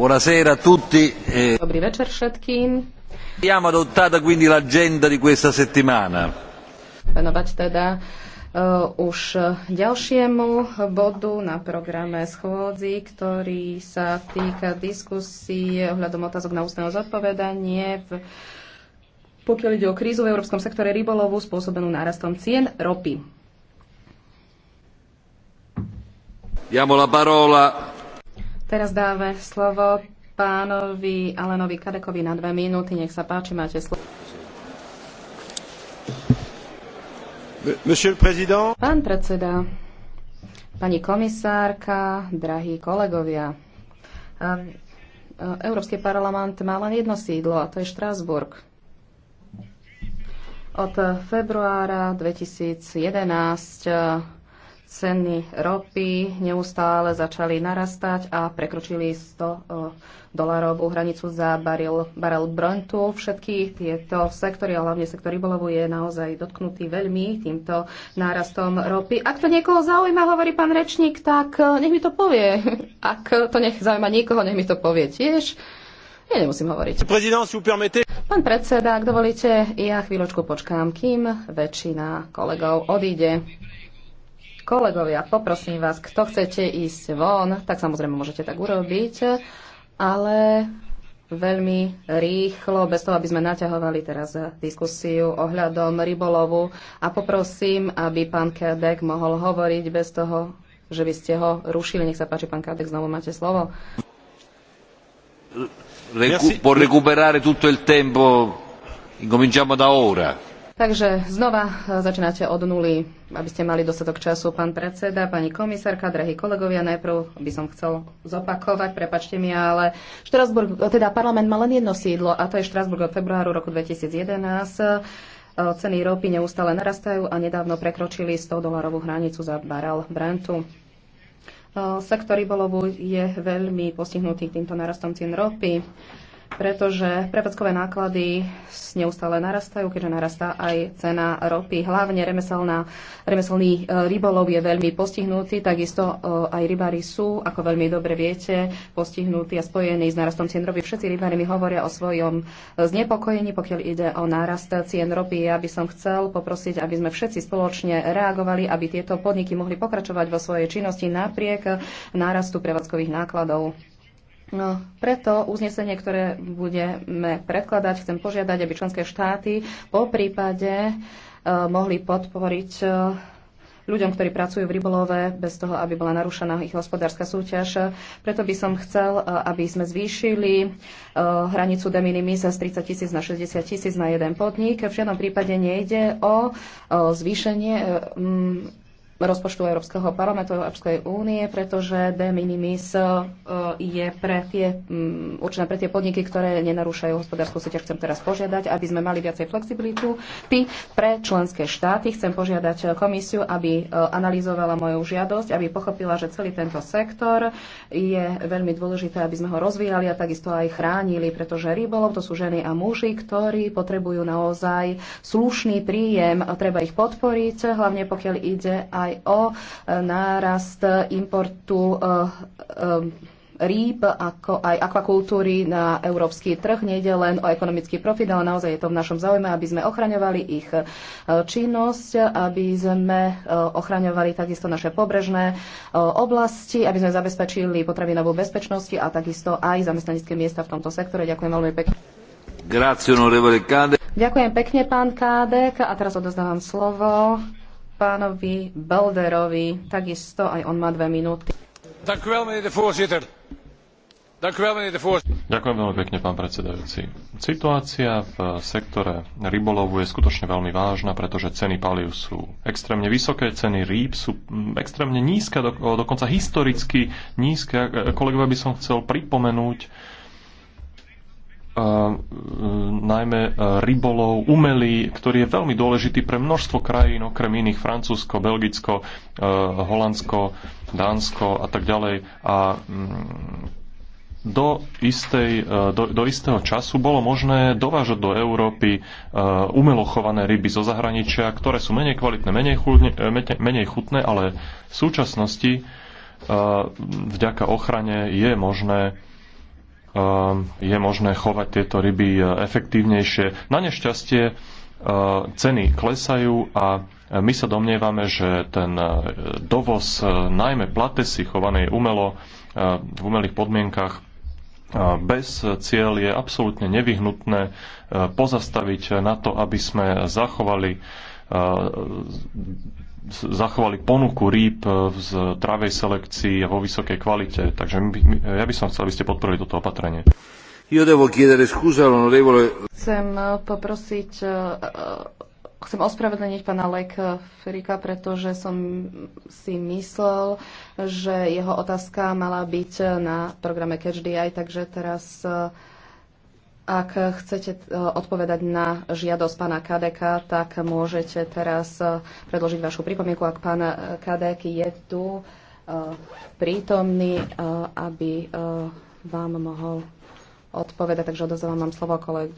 Buonasera a tutti. Eh. Dobrý večer všetkým. Abbiamo adottata quindi l'agenda di questa settimana. Venovať teda uh, už ďalšiemu bodu na programe schôdzi, ktorý sa týka diskusí ohľadom otázok na ústneho zodpovedanie v pokiaľ ide o krízu v európskom sektore rybolovu spôsobenú nárastom cien ropy. Diamo la parola Teraz dáme slovo pánovi Alenovi Kadekovi na dve minúty. Nech sa páči, máte slovo. Pán predseda, pani komisárka, drahí kolegovia, ehm, e, Európsky parlament má len jedno sídlo a to je Štrásburg. Od februára 2011 ceny ropy neustále začali narastať a prekročili 100 dolarovú hranicu za baril, barel bruntu Všetky tieto sektory, a hlavne sektor Bolovu, je naozaj dotknutý veľmi týmto nárastom ropy. Ak to niekoho zaujíma, hovorí pán rečník, tak e, nech mi to povie. Ak to nech zaujíma niekoho, nech mi to povie tiež. Ja nemusím hovoriť. Pán predseda, ak dovolíte, ja chvíľočku počkám, kým väčšina kolegov odíde. Kolegovia, poprosím vás, kto chcete ísť von, tak samozrejme môžete tak urobiť, ale veľmi rýchlo, bez toho, aby sme naťahovali teraz diskusiu ohľadom rybolovu a poprosím, aby pán Kedek mohol hovoriť bez toho, že by ste ho rušili. Nech sa páči, pán Kadek, znovu máte slovo. Recu- può recuperare tutto il tempo, incominciamo da ora. Takže znova e, začínate od nuly, aby ste mali dostatok času, pán predseda, pani komisárka, drahí kolegovia. Najprv by som chcel zopakovať, prepačte mi, ale Štrasburg, e, teda parlament má len jedno sídlo a to je Štrasburg od februáru roku 2011. E, ceny ropy neustále narastajú a nedávno prekročili 100 dolarovú hranicu za barel Brentu. Sektor rybolovu je veľmi postihnutý týmto narastom cien ropy pretože prevádzkové náklady neustále narastajú, keďže narastá aj cena ropy. Hlavne remeselná, remeselný e, rybolov je veľmi postihnutý, takisto e, aj rybári sú, ako veľmi dobre viete, postihnutí a spojení s narastom cien ropy. Všetci rybári mi hovoria o svojom e, znepokojení, pokiaľ ide o nárast cien ropy. Ja by som chcel poprosiť, aby sme všetci spoločne reagovali, aby tieto podniky mohli pokračovať vo svojej činnosti napriek nárastu prevádzkových nákladov. No, preto uznesenie, ktoré budeme predkladať, chcem požiadať, aby členské štáty po prípade e, mohli podporiť e, ľuďom, ktorí pracujú v rybolove, bez toho, aby bola narušená ich hospodárska súťaž. Preto by som chcel, e, aby sme zvýšili e, hranicu de minimis z 30 tisíc na 60 tisíc na jeden podnik. V žiadnom prípade nejde o zvýšenie e, rozpočtu Európskeho parlamentu Európskej únie, pretože de minimis e, je pre tie, mm, určené pre tie podniky, ktoré nenarúšajú hospodárskú súťaž. Chcem teraz požiadať, aby sme mali viacej flexibilitu. Ty pre členské štáty chcem požiadať komisiu, aby e, analyzovala moju žiadosť, aby pochopila, že celý tento sektor je veľmi dôležité, aby sme ho rozvíjali a takisto aj chránili, pretože rybolov to sú ženy a muži, ktorí potrebujú naozaj slušný príjem. Treba ich podporiť, hlavne pokiaľ ide aj aj o e, nárast importu e, e, rýb, ako aj akvakultúry na európsky trh. Nejde len o ekonomický profit, ale naozaj je to v našom záujme, aby sme ochraňovali ich činnosť, aby sme ochraňovali takisto naše pobrežné oblasti, aby sme zabezpečili potravinovú bezpečnosť a takisto aj zamestnanické miesta v tomto sektore. Ďakujem veľmi pekne. Grazie, Ďakujem pekne, pán Kádek. A teraz odozdávam slovo pánovi Belderovi. Takisto aj on má dve minúty. Ďakujem veľmi pekne, pán predsedajúci. Situácia v sektore rybolovu je skutočne veľmi vážna, pretože ceny palív sú extrémne vysoké, ceny rýb sú mm, extrémne nízke, dokonca historicky nízke. E, Kolegovia by som chcel pripomenúť, E, najmä e, rybolov umelý, ktorý je veľmi dôležitý pre množstvo krajín, okrem iných Francúzsko, Belgicko, e, Holandsko, Dánsko a tak ďalej. A mm, do, istej, do, do istého času bolo možné dovážať do Európy umelo chované ryby zo zahraničia, ktoré sú menej kvalitné, menej, chudne, menej chutné, ale v súčasnosti vďaka ochrane je možné Ehm, je možné chovať tieto ryby e, efektívnejšie. Na nešťastie e, ceny klesajú a e, my sa domnievame, že ten dovoz najmä platesy chovanej umelo v umelých podmienkach bez cieľ je absolútne nevyhnutné pozastaviť na to, aby sme zachovali zachovali ponuku rýb e, v zdravej selekcii a vo vysokej kvalite. Takže e, ja by som chcel, aby ste podporili toto opatrenie. Chcem e, poprosiť, chcem ospravedlniť pána Lek Frika, pretože som si myslel, že jeho otázka mala byť na programe Catch DI, takže teraz ak chcete e, odpovedať na žiadosť pána Kadeka, tak môžete teraz e, predložiť vašu pripomienku. Ak pán e, Kadek je tu prítomný, aby vám mohol odpovedať. Takže odozvám vám slovo kolega.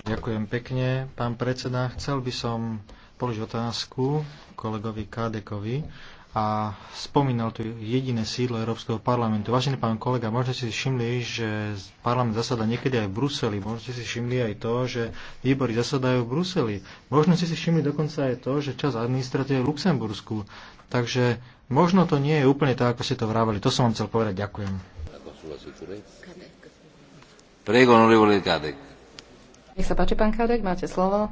Ďakujem pekne, pán predseda. Chcel by som položiť otázku kolegovi Kadekovi a spomínal tu jediné sídlo Európskeho parlamentu. Vážený pán kolega, možno si všimli, že parlament zasada niekedy aj v Bruseli. Možno si všimli aj to, že výbory zasadajú v Bruseli. Možno ste si všimli dokonca aj to, že čas je v Luxembursku. Takže možno to nie je úplne tak, ako ste to vrávali. To som vám chcel povedať. Ďakujem. Prego, Nech sa páči, pán Kadek, máte slovo.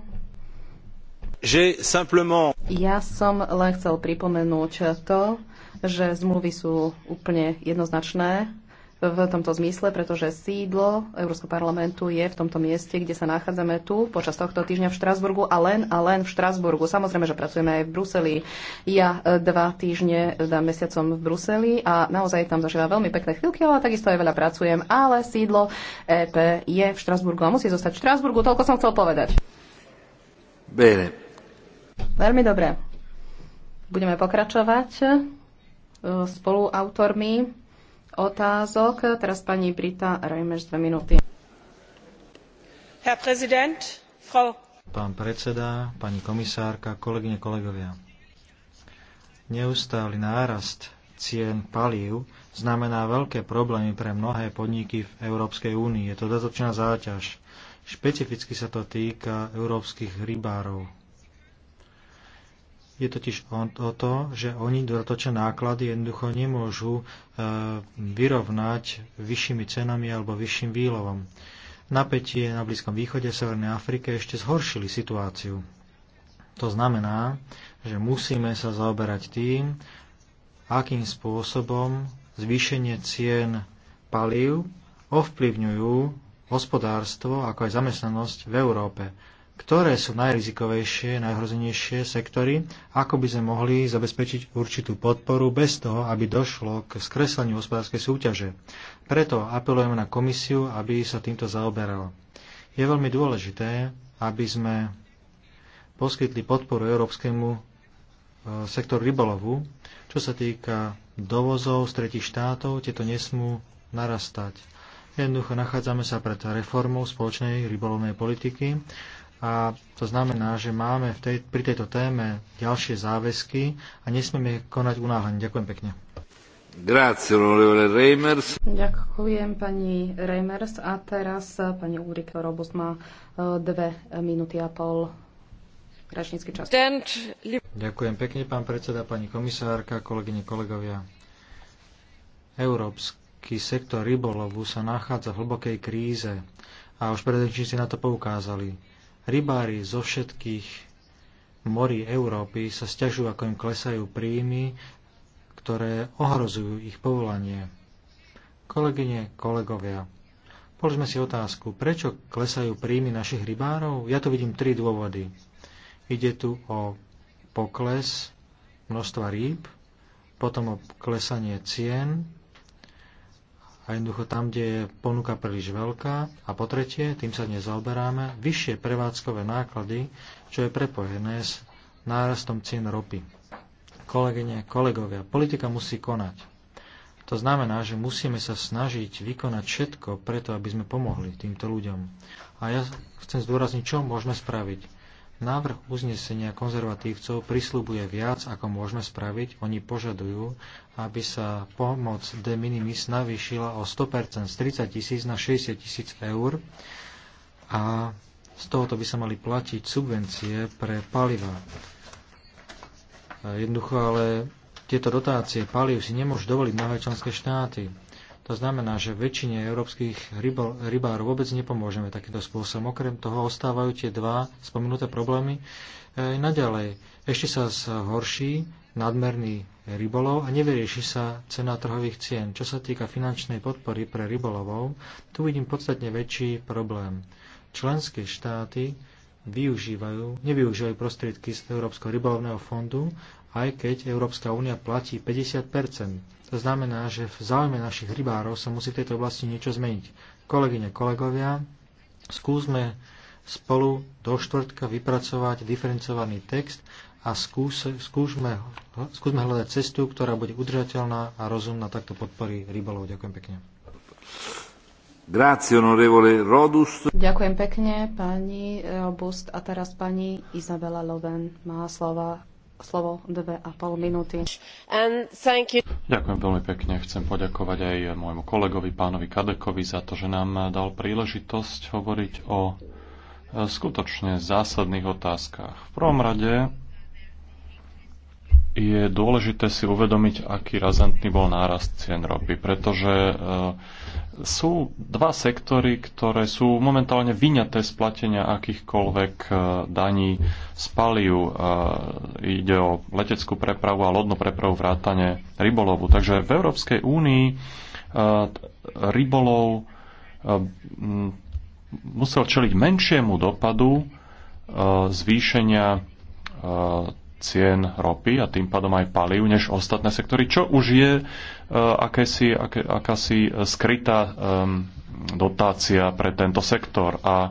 Ja som len chcel pripomenúť to, že zmluvy sú úplne jednoznačné v tomto zmysle, pretože sídlo Európskeho parlamentu je v tomto mieste, kde sa nachádzame tu počas tohto týždňa v Štrasburgu a len a len v Štrasburgu. Samozrejme, že pracujeme aj v Bruseli. Ja e, dva týždne e, dám mesiacom v Bruseli a naozaj tam zažívam veľmi pekné chvíľky, ale takisto aj veľa pracujem. Ale sídlo EP je v Štrasburgu a musí zostať v Štrasburgu. Toľko som chcel povedať. Bene. Veľmi dobre. Budeme pokračovať e, spoluautormi otázok. Teraz pani Brita Rojmeš dve minúty. Pán predseda, pani komisárka, kolegyne, kolegovia. Neustály nárast cien palív znamená veľké problémy pre mnohé podniky v Európskej únii. Je to dodatočná záťaž. Špecificky sa to týka európskych rybárov. Je totiž o to, že oni dodatočné náklady jednoducho nemôžu e, vyrovnať vyššími cenami alebo vyšším výlovom. Napätie na Blízkom východe a Severnej Afrike ešte zhoršili situáciu. To znamená, že musíme sa zaoberať tým, akým spôsobom zvýšenie cien palív ovplyvňujú hospodárstvo ako aj zamestnanosť v Európe ktoré sú najrizikovejšie, najhrozenejšie sektory, ako by sme mohli zabezpečiť určitú podporu bez toho, aby došlo k skresleniu hospodárskej súťaže. Preto apelujeme na komisiu, aby sa týmto zaoberala. Je veľmi dôležité, aby sme poskytli podporu európskemu e, sektoru rybolovu. Čo sa týka dovozov z tretich štátov, tieto nesmú narastať. Jednoducho nachádzame sa pred reformou spoločnej rybolovnej politiky a to znamená, že máme v tej, pri tejto téme ďalšie záväzky a nesmieme konať unáhlenie. Ďakujem pekne. Grazie, Reimers. Ďakujem pani Reimers a teraz eh, pani Ulrike Robust má eh, dve minúty a pol rečnícky čas. Ďakujem pekne, pán predseda, pani komisárka, kolegyne, kolegovia. Európsky sektor rybolovu sa nachádza v hlbokej kríze a už predrečníci na to poukázali Rybári zo všetkých morí Európy sa stiažujú, ako im klesajú príjmy, ktoré ohrozujú ich povolanie. Kolegyne, kolegovia, položme si otázku, prečo klesajú príjmy našich rybárov? Ja tu vidím tri dôvody. Ide tu o pokles množstva rýb, potom o klesanie cien a jednoducho tam, kde je ponuka príliš veľká. A po tretie, tým sa dnes zaoberáme, vyššie prevádzkové náklady, čo je prepojené s nárastom cien ropy. Kolegyne, kolegovia, politika musí konať. To znamená, že musíme sa snažiť vykonať všetko preto, aby sme pomohli týmto ľuďom. A ja chcem zdôrazniť, čo môžeme spraviť Návrh uznesenia konzervatívcov prislúbuje viac, ako môžeme spraviť. Oni požadujú, aby sa pomoc de minimis navýšila o 100% z 30 tisíc na 60 tisíc eur a z tohoto by sa mali platiť subvencie pre paliva. Jednoducho ale tieto dotácie palív si nemôžu dovoliť mnohé členské štáty. To znamená, že väčšine európskych rybárov vôbec nepomôžeme takýmto spôsobom. Okrem toho ostávajú tie dva spomenuté problémy. E, naďalej ešte sa zhorší nadmerný rybolov a nevyrieši sa cena trhových cien. Čo sa týka finančnej podpory pre rybolovov, tu vidím podstatne väčší problém. Členské štáty využívajú, nevyužívajú prostriedky z Európskeho rybolovného fondu, aj keď Európska únia platí 50 to znamená, že v záujme našich rybárov sa musí v tejto oblasti niečo zmeniť. Kolegyne, kolegovia, skúsme spolu do štvrtka vypracovať diferencovaný text a skús, skúsme, skúsme hľadať cestu, ktorá bude udržateľná a rozumná, takto podporí rybolov. Ďakujem pekne. Grazie, onorevole Rodus. Ďakujem pekne, pani Robust. A teraz pani Izabela Loven má slova slovo minúty. Ďakujem veľmi pekne. Chcem poďakovať aj môjmu kolegovi, pánovi Kadekovi, za to, že nám dal príležitosť hovoriť o e, skutočne zásadných otázkach. V prvom rade je dôležité si uvedomiť, aký razantný bol nárast cien ropy, pretože e, sú dva sektory, ktoré sú momentálne vyňaté z platenia akýchkoľvek e, daní z paliu. E, ide o leteckú prepravu a lodnú prepravu vrátane rybolovu. Takže v Európskej únii rybolov musel čeliť menšiemu dopadu zvýšenia cien ropy a tým pádom aj palív než ostatné sektory, čo už je e, akési, aké, akási skrytá e, dotácia pre tento sektor a e,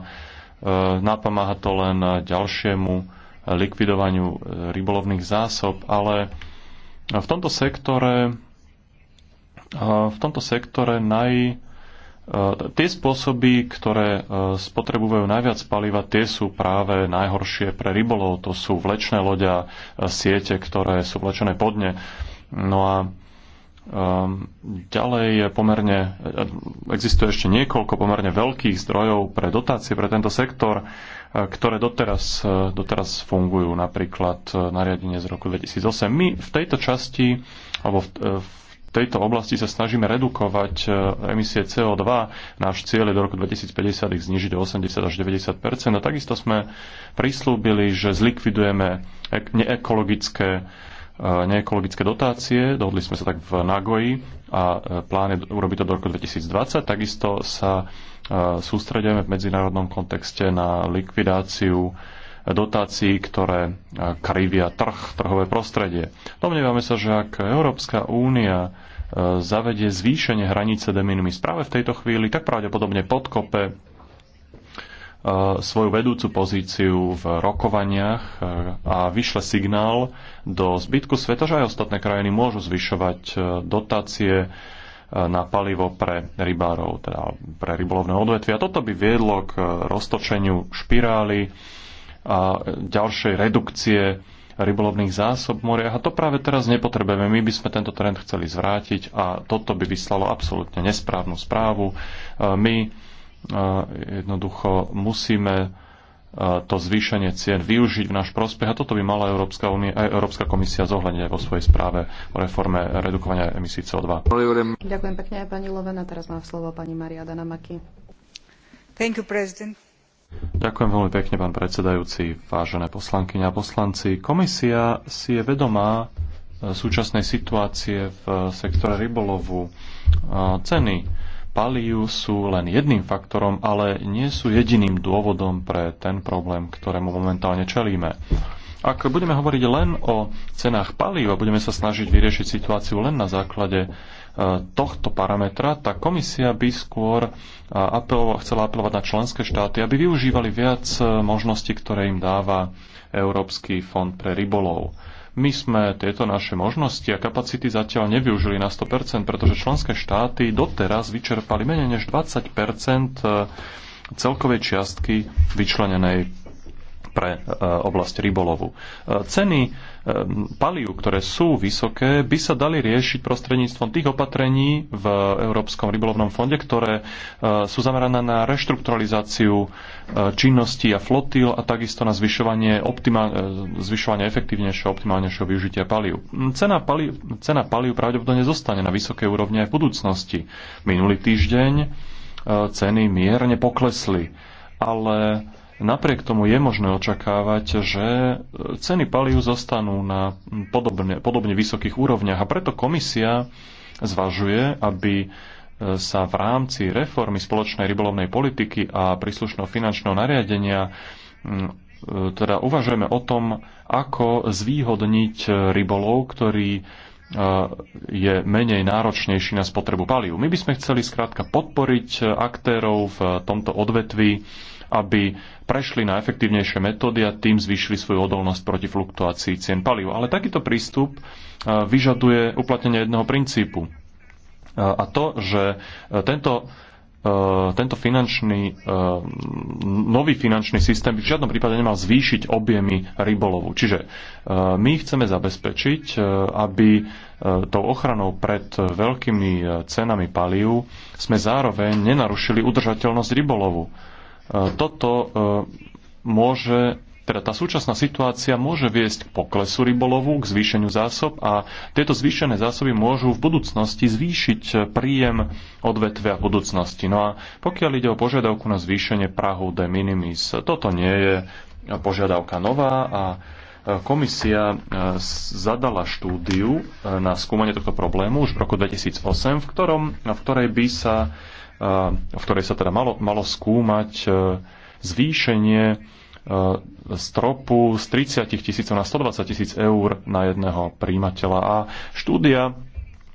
napomáha to len ďalšiemu likvidovaniu rybolovných zásob, ale v tomto sektore v tomto sektore naj, Eh, tie spôsoby, ktoré eh, spotrebujú najviac paliva, tie sú práve najhoršie pre rybolov. To sú vlečné loďa, eh, siete, ktoré sú vlečené podne. No a Ďalej je pomerne, existuje ešte niekoľko pomerne veľkých zdrojov pre dotácie pre tento sektor, ktoré doteraz, doteraz fungujú, napríklad nariadenie z roku 2008. My v tejto časti, alebo v, v tejto oblasti sa snažíme redukovať e, emisie CO2. Náš cieľ je do roku 2050 ich znižiť o 80 až 90 A takisto sme prislúbili, že zlikvidujeme neekologické e, neekologické dotácie. Dohodli sme sa tak v Nagoji a e, plán je urobiť to do roku 2020. Takisto sa sústredujeme v medzinárodnom kontexte na likvidáciu dotácií, ktoré e, krivia trh, trhové prostredie. Domnievame sa, že ak Európska únia e, zavedie zvýšenie hranice de minimis práve v tejto chvíli, tak pravdepodobne podkope e, svoju vedúcu pozíciu v rokovaniach a vyšle signál do zbytku sveta, že aj ostatné krajiny môžu zvyšovať dotácie na palivo pre rybárov, teda pre rybolovné a Toto by viedlo k roztočeniu špirály, a ďalšej redukcie rybolovných zásob v moriach. A to práve teraz nepotrebujeme. My by sme tento trend chceli zvrátiť a toto by vyslalo absolútne nesprávnu správu. E, my e, jednoducho musíme e, to zvýšenie cien využiť v náš prospech a toto by mala Európska, unie, Európska komisia zohľadniť aj vo svojej správe o reforme redukovania emisí CO2. Ďakujem pekne, pani Lovena. Teraz má slovo pani Maria Danamaki. Thank you, president. Ďakujem veľmi pekne, pán predsedajúci, vážené poslanky a poslanci. Komisia si je vedomá e, súčasnej situácie v sektore rybolovu. E, ceny palív sú len jedným faktorom, ale nie sú jediným dôvodom pre ten problém, ktorému momentálne čelíme. Ak budeme hovoriť len o cenách palív a budeme sa snažiť vyriešiť situáciu len na základe tohto parametra, tak komisia by skôr apeloval, chcela apelovať na členské štáty, aby využívali viac e, možností, ktoré im dáva Európsky fond pre rybolov. My sme tieto naše možnosti a kapacity zatiaľ nevyužili na 100%, pretože členské štáty doteraz vyčerpali menej než 20% e, celkovej čiastky vyčlenenej pre e, oblasť rybolovu. E, ceny e, palív, ktoré sú vysoké, by sa dali riešiť prostredníctvom tých opatrení v Európskom rybolovnom fonde, ktoré sú zamerané na reštrukturalizáciu činností a flotil a takisto na zvyšovanie, optimál, zvyšovanie efektívnejšieho, optimálnejšieho využitia paliu. Cena pali- cena paliu pravdepodobne zostane na vysokej úrovni aj v budúcnosti. Minulý týždeň ceny mierne poklesli, ale Napriek tomu je možné očakávať, že e, ceny palív zostanú na podobne, podobne vysokých úrovniach a preto komisia zvažuje, aby e, sa v rámci reformy spoločnej rybolovnej politiky a príslušného finančného nariadenia e, teda uvažujeme o tom, ako zvýhodniť rybolov, ktorý je menej náročnejší na spotrebu palív. My by sme chceli skrátka podporiť aktérov v tomto odvetví, aby prešli na efektívnejšie metódy a tým zvýšili svoju odolnosť proti fluktuácii cien palív. Ale takýto prístup e, vyžaduje uplatnenie jedného princípu. E, a to, že e, tento tento finančný, nový finančný systém by v žiadnom prípade nemal zvýšiť objemy rybolovu. Čiže my chceme zabezpečiť, aby tou ochranou pred veľkými cenami palív sme zároveň nenarušili udržateľnosť rybolovu toto e, môže teda tá súčasná situácia môže viesť k poklesu rybolovu, k zvýšeniu zásob a tieto zvýšené zásoby môžu v budúcnosti zvýšiť e, príjem odvetvia budúcnosti. No a pokiaľ ide o požiadavku na zvýšenie Prahu de minimis, toto nie je požiadavka nová a e, Komisia zadala štúdiu na skúmanie tohto problému už v roku 2008, v, ktorom, v ktorej by sa v ktorej sa teda malo, malo skúmať e, zvýšenie e, stropu z 30 tisícov na 120 tisíc eur na jedného príjimateľa. A štúdia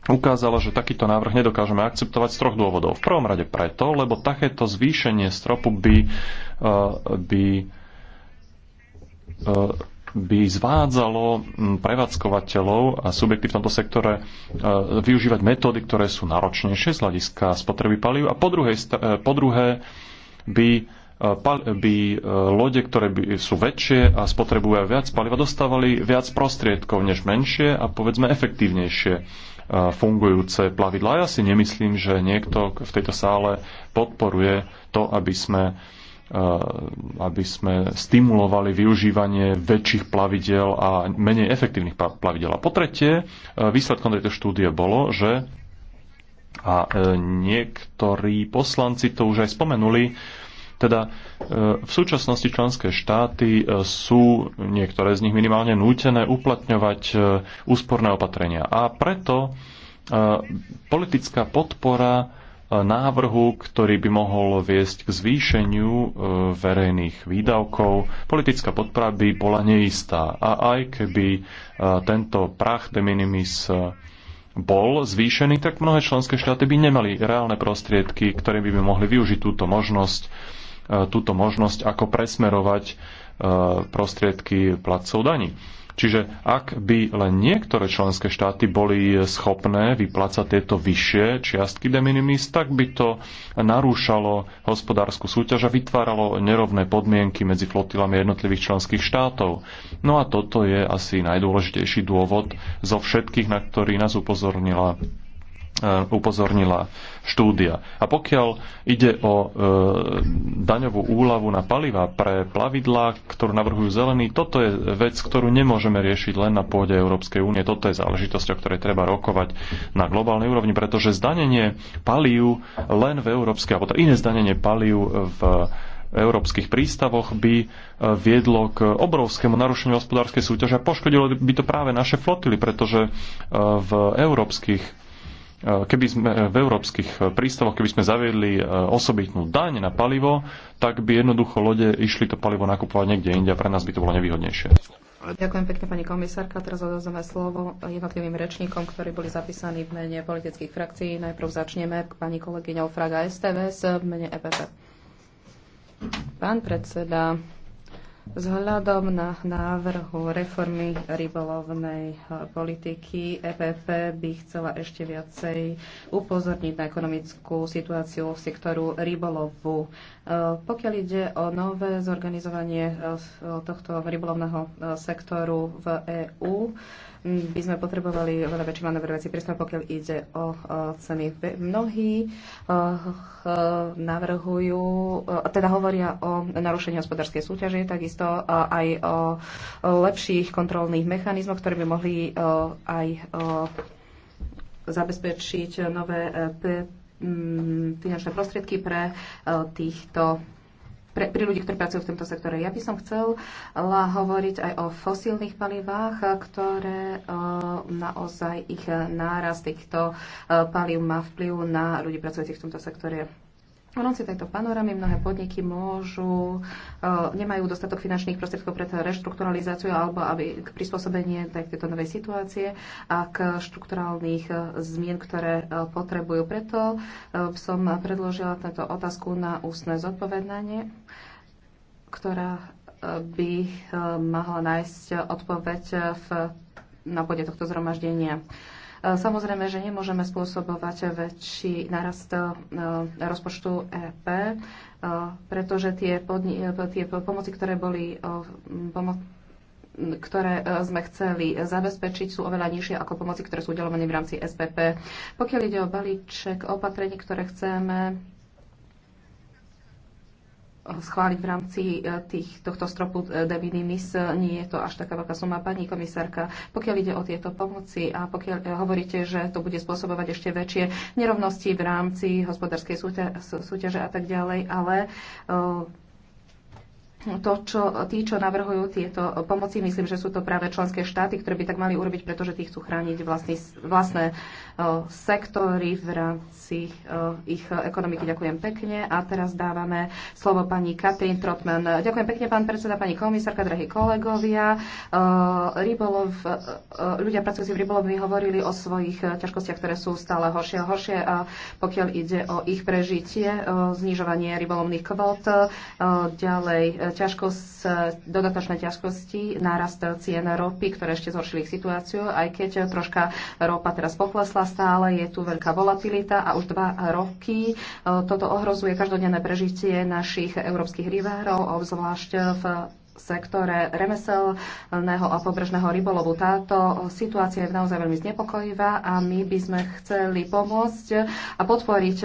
ukázala, že takýto návrh nedokážeme akceptovať z troch dôvodov. V prvom rade preto, lebo takéto zvýšenie stropu by, e, by by zvádzalo mm, prevádzkovateľov a subjekty v tomto sektore e, využívať metódy, ktoré sú náročnejšie z hľadiska spotreby palív a po, druhej, e, po druhé by, e, by lode, ktoré by sú väčšie a spotrebujú viac paliva, dostávali viac prostriedkov než menšie a povedzme efektívnejšie fungujúce plavidlá. Ja si nemyslím, že niekto v tejto sále podporuje to, aby sme aby sme stimulovali využívanie väčších plavidel a menej efektívnych plavidel. A po tretie, e, výsledkom tejto štúdie bolo, že a e, niektorí poslanci to už aj spomenuli, teda e, v súčasnosti členské štáty sú niektoré z nich minimálne nútené uplatňovať úsporné opatrenia. A preto politická podpora návrhu, ktorý by mohol viesť k zvýšeniu e, verejných výdavkov. Politická podpora by bola neistá. A aj keby e, tento prach de minimis e, bol zvýšený, tak mnohé členské štáty by nemali reálne prostriedky, ktoré by, by mohli využiť túto možnosť, túto možnosť ako presmerovať prostriedky platcov daní. Čiže ak by len niektoré členské štáty boli schopné vyplácať tieto vyššie čiastky de minimis, tak by to narúšalo hospodárskú súťaž a vytváralo nerovné podmienky medzi flotilami jednotlivých členských štátov. No a toto je asi najdôležitejší dôvod zo všetkých, na ktorý nás upozornila E, upozornila štúdia. A pokiaľ ide o e, daňovú úľavu na paliva pre plavidlá, ktorú navrhujú zelení, toto je vec, ktorú nemôžeme riešiť len na pôde Európskej únie. Toto je záležitosť, o ktorej treba rokovať na globálnej úrovni, pretože zdanenie palív len v Európskej, alebo teda iné zdanenie palív v európskych prístavoch by e, viedlo k obrovskému narušeniu hospodárskej súťaže a poškodilo by to práve naše flotily, pretože e, v európskych Eh, keby sme eh, v európskych eh, prístavoch, keby sme zaviedli osobitnú daň na palivo, tak by jednoducho lode išli to palivo nakupovať niekde inde a pre nás by to bolo nevýhodnejšie. Ďakujem pekne, pani komisárka. Teraz odozveme slovo jednotlivým rečníkom, ktorí boli zapísaní v mene politických frakcií. Najprv začneme pani kolegyňou Fraga STVS v mene EPP. Pán predseda, Vzhľadom na návrhu reformy rybolovnej eh, politiky EPP by chcela ešte viacej upozorniť na ekonomickú situáciu v sektoru rybolovu. Eh, pokiaľ ide o nové zorganizovanie eh, tohto rybolovného sektoru v EÚ, by sme potrebovali veľa väčší manevrovací priestor, pokiaľ ide o ceny. Mnohí navrhujú, teda hovoria o narušení hospodárskej súťaže, takisto aj o lepších kontrolných mechanizmoch, ktoré by mohli aj zabezpečiť nové e, finančné prostriedky pre e, týchto pre, pri ľudí, ktorí pracujú v tomto sektore. Ja by som chcela eh, hovoriť aj o fosílnych palivách, eh, ktoré eh, naozaj ich náraz týchto palív má vplyv na ľudí pracujúcich v tomto sektore. V rámci tejto panorámy mnohé podniky môžu, e, nemajú dostatok finančných prostriedkov pre reštrukturalizáciu alebo aby k prispôsobenie tejto novej situácie a k štrukturálnych e, zmien, ktoré e, potrebujú. Preto som predložila túto otázku na ústne zodpovedanie, ktorá by mohla nájsť odpoveď v, na pôde tohto zhromaždenia. Samozrejme, že nemôžeme spôsobovať väčší narast e, rozpočtu EP, e, pretože tie, podni- tie pomoci, ktoré boli e, pomo- ktoré sme chceli zabezpečiť, sú oveľa nižšie ako pomoci, ktoré sú udelované v rámci SPP. Pokiaľ ide o balíček opatrení, ktoré chceme schváliť v rámci e, tých, tohto stropu e, de minimis. E, nie je to až taká veľká suma, pani komisárka. Pokiaľ ide o tieto pomoci a pokiaľ hovoríte, že to bude spôsobovať ešte väčšie nerovnosti v rámci hospodárskej súťaže a tak ďalej, ale to, čo tí, čo navrhujú tieto pomoci, myslím, že sú to práve členské štáty, ktoré by tak mali urobiť, pretože tí chcú chrániť vlastný, vlastné sektory v rámci ich ekonomiky. Ďakujem pekne. A teraz dávame slovo pani Katrin Trotman. Ďakujem pekne, pán predseda, pani komisárka, drahí kolegovia. Rybolov, ľudia pracujúci v mi hovorili o svojich ťažkostiach, ktoré sú stále horšie a horšie, a pokiaľ ide o ich prežitie, znižovanie rybolovných kvót, ďalej ťažkosť, dodatočné ťažkosti, nárast cien ropy, ktoré ešte zhoršili ich situáciu, aj keď troška ropa teraz poklesla, stále je tu veľká volatilita a už dva roky e, toto ohrozuje každodenné prežitie našich európskych rivárov, obzvlášť v sektore remeselného a pobrežného rybolovu. Táto situácia je naozaj veľmi znepokojivá a my by sme chceli pomôcť a podporiť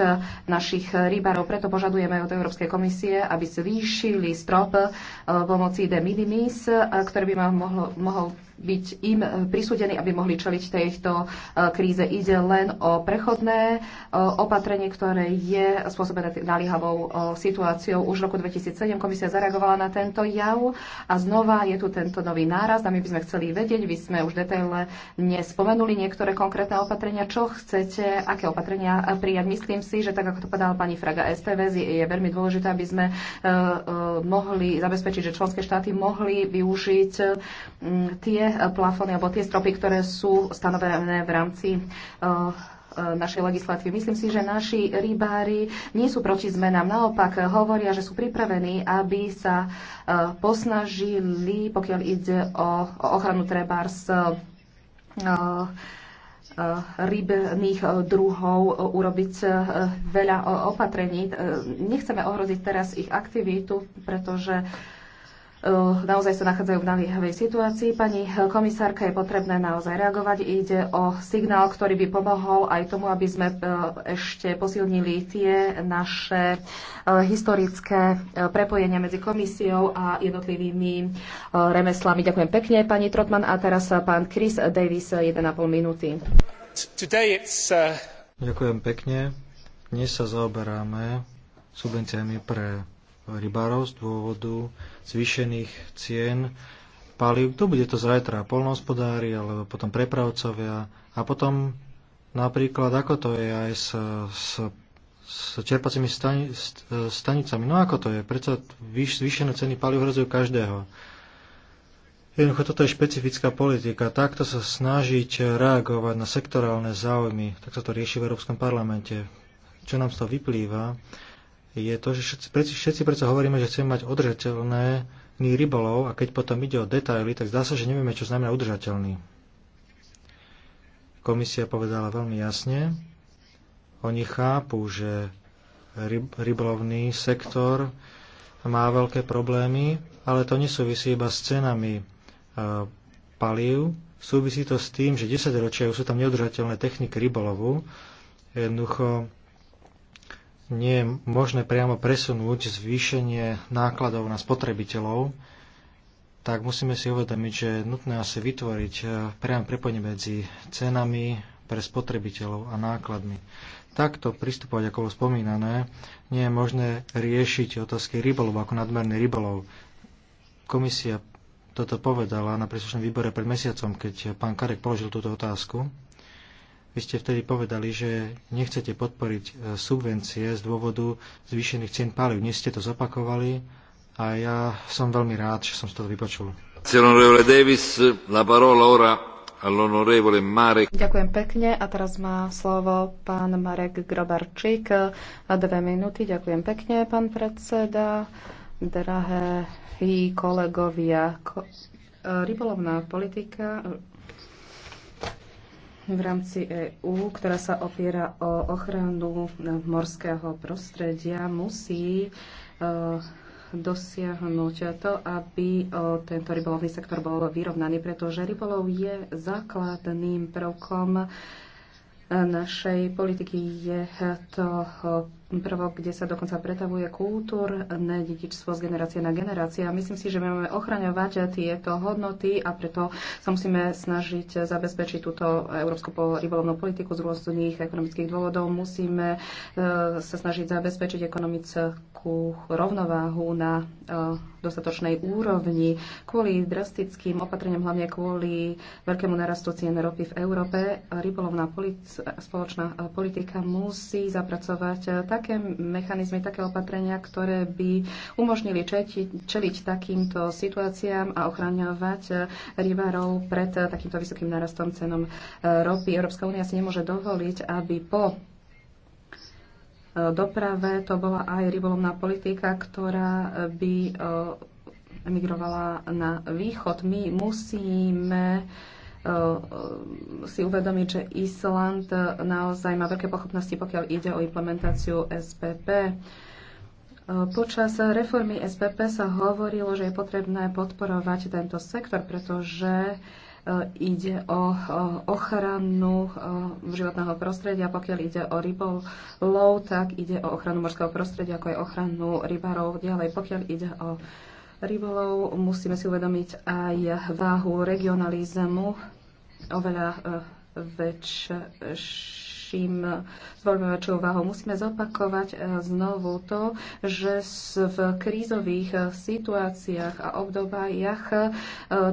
našich rybárov. Preto požadujeme od Európskej komisie, aby zvýšili strop eh, pomoci de minimis, eh, ktorý by mohol, mohol byť im prisúdený, aby mohli čeliť tejto eh, kríze. Ide len o prechodné opatrenie, ktoré je spôsobené naliehavou situáciou. Už v roku 2007 komisia zareagovala na tento jav a znova je tu tento nový náraz a my by sme chceli vedieť, vy sme už detailne nespomenuli niektoré konkrétne opatrenia, čo chcete, aké opatrenia prijať. Myslím si, že tak ako to povedala pani Fraga STV, je veľmi dôležité, aby sme e, e, mohli zabezpečiť, že členské štáty mohli využiť tie plafóny alebo tie stropy, ktoré sú stanovené v rámci e, E, našej legislatívy. Myslím si, že naši rybári nie sú proti zmenám. Naopak e, hovoria, že sú pripravení, aby sa e, posnažili, pokiaľ ide o, o ochranu trebárs rybných druhov urobiť veľa opatrení. Nechceme ohroziť teraz ich aktivitu, pretože Eh, naozaj sa nachádzajú v naliehavej situácii. Pani eh, komisárka, je potrebné naozaj reagovať. Ide o signál, ktorý by pomohol aj tomu, aby sme eh, ešte posilnili tie naše historické prepojenia medzi komisiou a jednotlivými remeslami. Ďakujem pekne, pani Trotman. A teraz pán Chris Davis, 1,5 minúty. Ďakujem pekne. Dnes sa zaoberáme subvenciami pre rybárov z dôvodu zvýšených cien palív. Kto bude to zajtra? Polnohospodári alebo potom prepravcovia? A potom napríklad, ako to je aj s, s, s čerpacími stani, stanicami? No ako to je? Prečo zvýšené ceny palív hrozujú každého? Jednoducho toto je špecifická politika. Takto sa snažiť reagovať na sektorálne záujmy, tak sa to rieši v Európskom parlamente. Čo nám z toho vyplýva, je to, že všetci, všetci predsa hovoríme, že chceme mať udržateľné rybolov a keď potom ide o detaily, tak zdá sa, že nevieme, čo znamená udržateľný. Komisia povedala veľmi jasne, oni chápu, že ryb, rybolovný sektor má veľké problémy, ale to nesúvisí iba s cenami e, palív, súvisí to s tým, že 10 ročia sú tam neudržateľné techniky rybolovu. Jednoducho nie je možné priamo presunúť zvýšenie nákladov na spotrebiteľov, tak musíme si uvedomiť, že je nutné asi vytvoriť e, priam prepojenie medzi cenami pre spotrebiteľov a nákladmi. Takto pristupovať, ako bolo spomínané, nie je možné riešiť otázky rybolov ako nadmerný rybolov. Komisia toto povedala na príslušnom výbore pred mesiacom, keď pán Karek položil túto otázku. Vy ste vtedy povedali, že nechcete podporiť e, subvencie z dôvodu zvýšených cien palív. Dnes ste to zopakovali a ja som veľmi rád, že som to vypočul. Ďakujem pekne a teraz má slovo pán Marek Grobarčík. Dve minúty. Ďakujem pekne, pán predseda. Drahé kolegovia, e, rybolovná politika v rámci EÚ, ktorá sa opiera o ochranu morského prostredia, musí e, dosiahnuť to, aby tento rybolovný sektor bol vyrovnaný, pretože rybolov je základným prvkom e, našej politiky. Je to prvok, kde sa dokonca pretavuje kultúrne dedičstvo z generácie na generácie. A myslím si, že my máme ochraňovať tieto hodnoty a preto sa musíme snažiť zabezpečiť túto európsku rybolovnú politiku z rôznych ekonomických dôvodov. Musíme e, sa snažiť zabezpečiť ekonomickú rovnováhu na e, dostatočnej úrovni kvôli drastickým opatreniam, hlavne kvôli veľkému narastu cien ropy v Európe. Rybolovná spoločná e, politika musí zapracovať tak také mechanizmy, také opatrenia, ktoré by umožnili čeliť, čeliť takýmto situáciám a ochraňovať eh, rybárov pred eh, takýmto vysokým narastom cenom eh, ropy. Európska únia si nemôže dovoliť, aby po doprave to bola aj rybolovná politika, ktorá by emigrovala na východ. My musíme Eh, si uvedomiť, že Island naozaj má veľké pochopnosti, pokiaľ ide o implementáciu SPP. Eh, počas reformy SPP sa hovorilo, že je potrebné podporovať tento sektor, pretože eh, ide o ochranu životného prostredia. Pokiaľ ide o rybolov, tak ide o ochranu morského prostredia, ako aj ochranu rybárov. Ďalej, pokiaľ ide o rybolov, musíme si uvedomiť aj váhu regionalizmu oveľa e, väčším veľmi väčšou váhou. Musíme zopakovať e, znovu to, že v krízových e, situáciách a obdobiach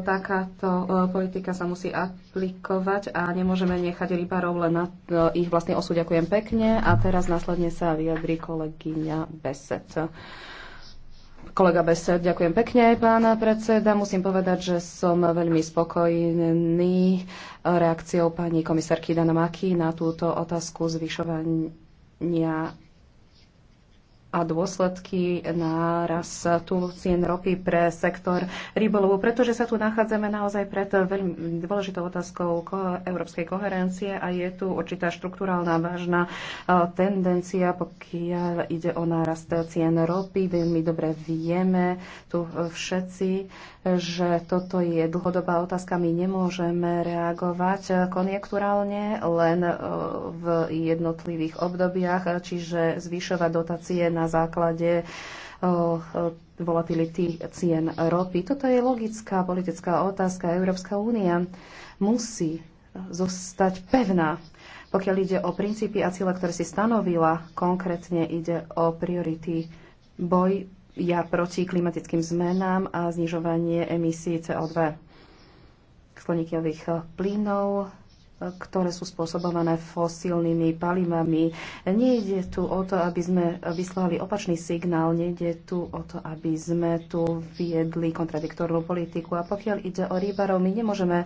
takáto politika sa musí aplikovať a nemôžeme nechať rybárov len na ich vlastný osud. Ďakujem pekne a teraz následne sa vyjadrí kolegyňa Beset. Kolega Beser, ďakujem pekne, pána predseda. Musím povedať, že som veľmi spokojný reakciou pani komisárky Dana Maki na túto otázku zvyšovania a dôsledky náraz tu cien ropy pre sektor rybolovu, pretože sa tu nachádzame naozaj pred veľmi dôležitou otázkou európskej koherencie a je tu určitá štruktúrálna vážna e, tendencia, pokiaľ ide o nárast cien ropy. Veľmi dobre vieme tu e, všetci, že toto je dlhodobá otázka. My nemôžeme reagovať konjekturálne len e, v jednotlivých obdobiach, čiže zvyšovať dotácie na základe e, volatility cien ropy. Toto je logická politická otázka. Európska únia musí zostať pevná pokiaľ ide o princípy a ciele, ktoré si stanovila, konkrétne ide o priority boj ja proti klimatickým zmenám a znižovanie emisí CO2 skleníkových plynov ktoré sú spôsobované fosílnymi palivami. Nejde tu o to, aby sme vyslali opačný signál, nejde tu o to, aby sme tu viedli kontradiktornú politiku. A pokiaľ ide o rýbarov, my nemôžeme e,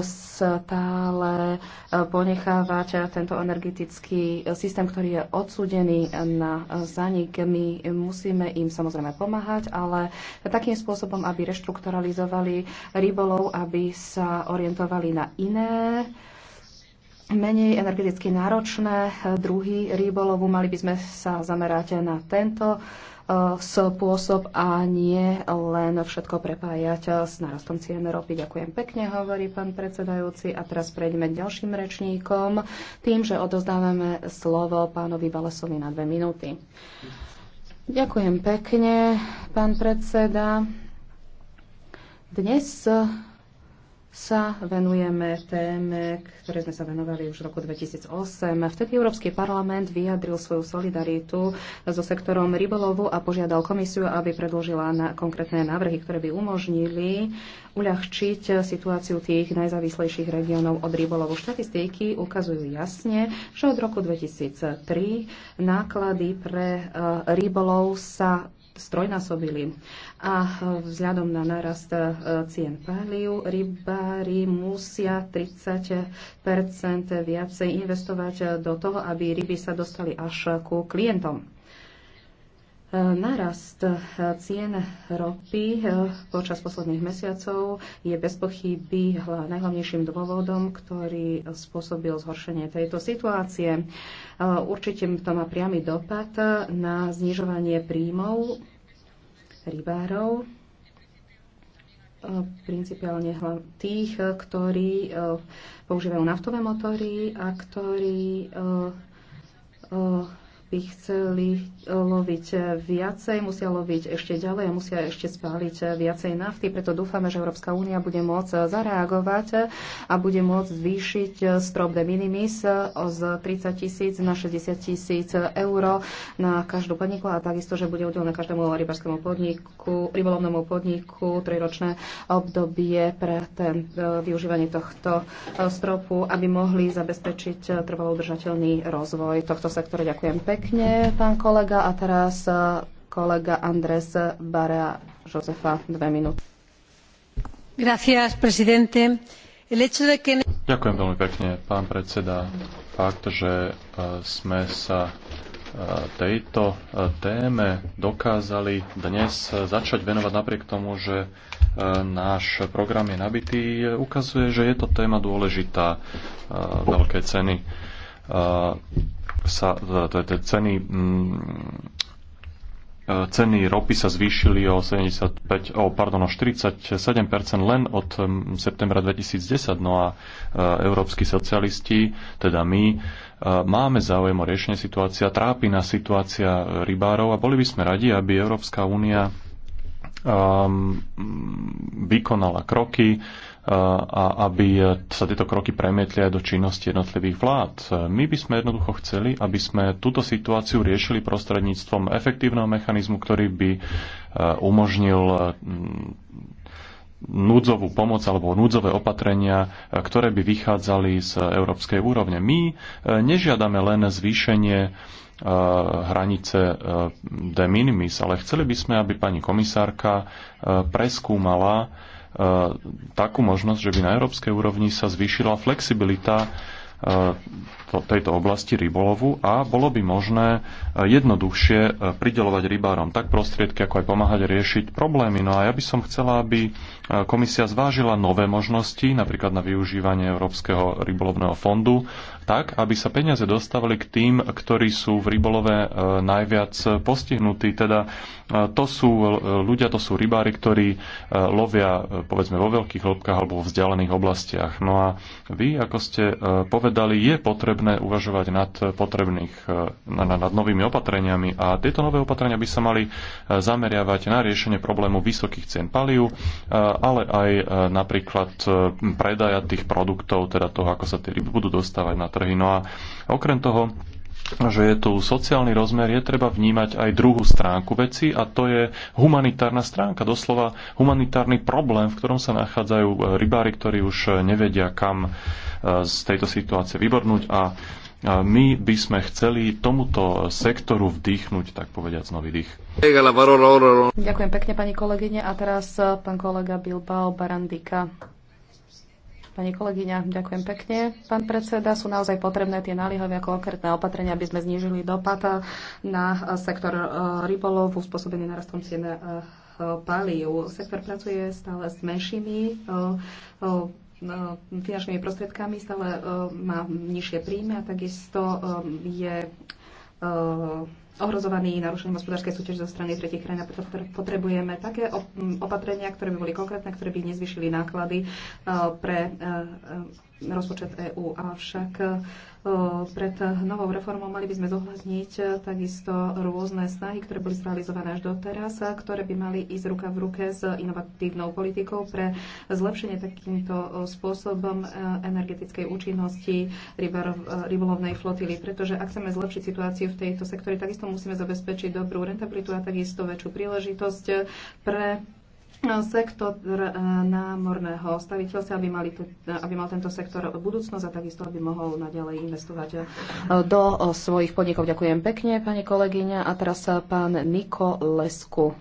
stále e, ponechávať tento energetický systém, ktorý je odsúdený na zanik. My musíme im samozrejme pomáhať, ale takým spôsobom, aby reštrukturalizovali rybolov, aby sa orientovali na iné menej energeticky náročné druhy rybolovu. Mali by sme sa zamerať na tento e, spôsob a nie len všetko prepájať s narastom cien ropy. Ďakujem pekne, hovorí pán predsedajúci. A teraz prejdeme k ďalším rečníkom tým, že odozdávame slovo pánovi Balesovi na dve minúty. Ďakujem pekne, pán predseda. Dnes sa venujeme téme, ktoré sme sa venovali už v roku 2008. Vtedy Európsky parlament vyjadril svoju solidaritu so sektorom rybolovu a požiadal komisiu, aby predložila na konkrétne návrhy, ktoré by umožnili uľahčiť situáciu tých najzávislejších regiónov od rybolovu. Štatistiky ukazujú jasne, že od roku 2003 náklady pre eh, rybolov sa strojnásobili. A e, vzhľadom na narast e, cien paliu, rybári musia 30 viacej investovať e, do toho, aby ryby sa dostali až ku klientom. Nárast eh, cien ropy eh, počas posledných mesiacov je bez pochyby najhlavnejším dôvodom, ktorý spôsobil zhoršenie tejto situácie. Eh, určite to má priamy dopad na znižovanie príjmov rybárov, principiálne tých, ktorí používajú naftové motory a ktorí by chceli loviť viacej, musia loviť ešte ďalej a musia ešte spáliť viacej nafty. Preto dúfame, že Európska únia bude môcť zareagovať a bude môcť zvýšiť strop de minimis z 30 tisíc na 60 tisíc eur na každú podniku a takisto, že bude udelené každému rybárskému podniku, rybolovnému podniku trojročné obdobie pre ten, e, využívanie tohto e, stropu, aby mohli zabezpečiť trvalo udržateľný rozvoj tohto sektora. Ďakujem pekne pekne, pán kolega. A teraz e, kolega Andrés Barea Josefa, dve minúty. Gracias, presidente. El hecho de que... Ďakujem veľmi pekne, pán predseda. Fakt, že e, sme sa e, tejto téme dokázali dnes začať venovať napriek tomu, že náš program je nabitý, ukazuje, že je to téma dôležitá, veľké ceny sa e, ceny mm, e, ceny ropy sa zvýšili o 75, o, oh, pardon, o 47% len od septembra 2010. No a e, európsky socialisti, teda my, máme záujem o riešenie situácia, trápi nás situácia rybárov a boli by sme radi, aby Európska únia um, vykonala kroky, a aby sa tieto kroky premietli aj do činnosti jednotlivých vlád. My by sme jednoducho chceli, aby sme túto situáciu riešili prostredníctvom efektívneho mechanizmu, ktorý by e, umožnil mm, núdzovú pomoc alebo núdzové opatrenia, e, ktoré by vychádzali z európskej úrovne. My e, nežiadame len zvýšenie hranice de minimis, ale chceli by sme, aby pani komisárka preskúmala E, takú možnosť, že by na európskej úrovni sa zvýšila flexibilita e, tejto oblasti rybolovu a bolo by možné e, jednoduchšie pridelovať rybárom tak prostriedky, ako aj pomáhať riešiť problémy. No a ja by som chcela, aby komisia zvážila nové možnosti, napríklad na využívanie Európskeho rybolovného fondu tak, aby sa peniaze dostávali k tým, ktorí sú v rybolove e, najviac postihnutí. Teda e, to sú e, ľudia, to sú rybári, ktorí lovia povedzme vo veľkých hĺbkach alebo v vzdialených oblastiach. No a vy, ako ste povedali, je potrebné uvažovať nad potrebných, nad novými opatreniami a tieto nové opatrenia by sa mali zameriavať na riešenie problému vysokých cien paliu, ale aj napríklad predaja tých produktov, teda toho, ako sa tie ryby budú dostávať na trh trhy. No a okrem toho, že je tu sociálny rozmer, je treba vnímať aj druhú stránku veci a to je humanitárna stránka, doslova humanitárny problém, v ktorom sa nachádzajú eh, rybári, ktorí už eh, nevedia, kam eh, z tejto situácie vybornúť a my by sme chceli tomuto sektoru vdýchnuť, tak povediať nový dých. Ďakujem pekne, pani kolegyne. A teraz pán kolega Bilbao Barandika. Pani kolegyňa, ďakujem pekne. Pán predseda, sú naozaj potrebné tie a konkrétne opatrenia, aby sme znížili dopad na sektor e, rybolov spôsobený narastom cien e, palív. Sektor pracuje stále s menšími e, finančnými prostriedkami, stále má nižšie príjmy a takisto je ohrozovaný narušením hospodárskej súťaže zo strany tretich krajín. Preto potrebujeme také opatrenia, ktoré by boli konkrétne, ktoré by nezvyšili náklady e, pre e, e, rozpočet EÚ. Avšak pred novou reformou mali by sme zohľadniť e, takisto rôzne snahy, ktoré boli zrealizované až doteraz, ktoré by mali ísť ruka v ruke s inovatívnou politikou pre zlepšenie takýmto e, spôsobom e, energetickej účinnosti rybolovnej flotily. Pretože ak chceme zlepšiť situáciu v tejto sektore, takisto musíme zabezpečiť dobrú rentabilitu a takisto väčšiu príležitosť pre sektor e, námorného staviteľstva, aby, mali, aby mal tento sektor budúcnosť a takisto, aby mohol naďalej investovať e, do e, svojich podnikov. Ďakujem pekne, pani kolegyňa. A teraz pán Niko Lesku.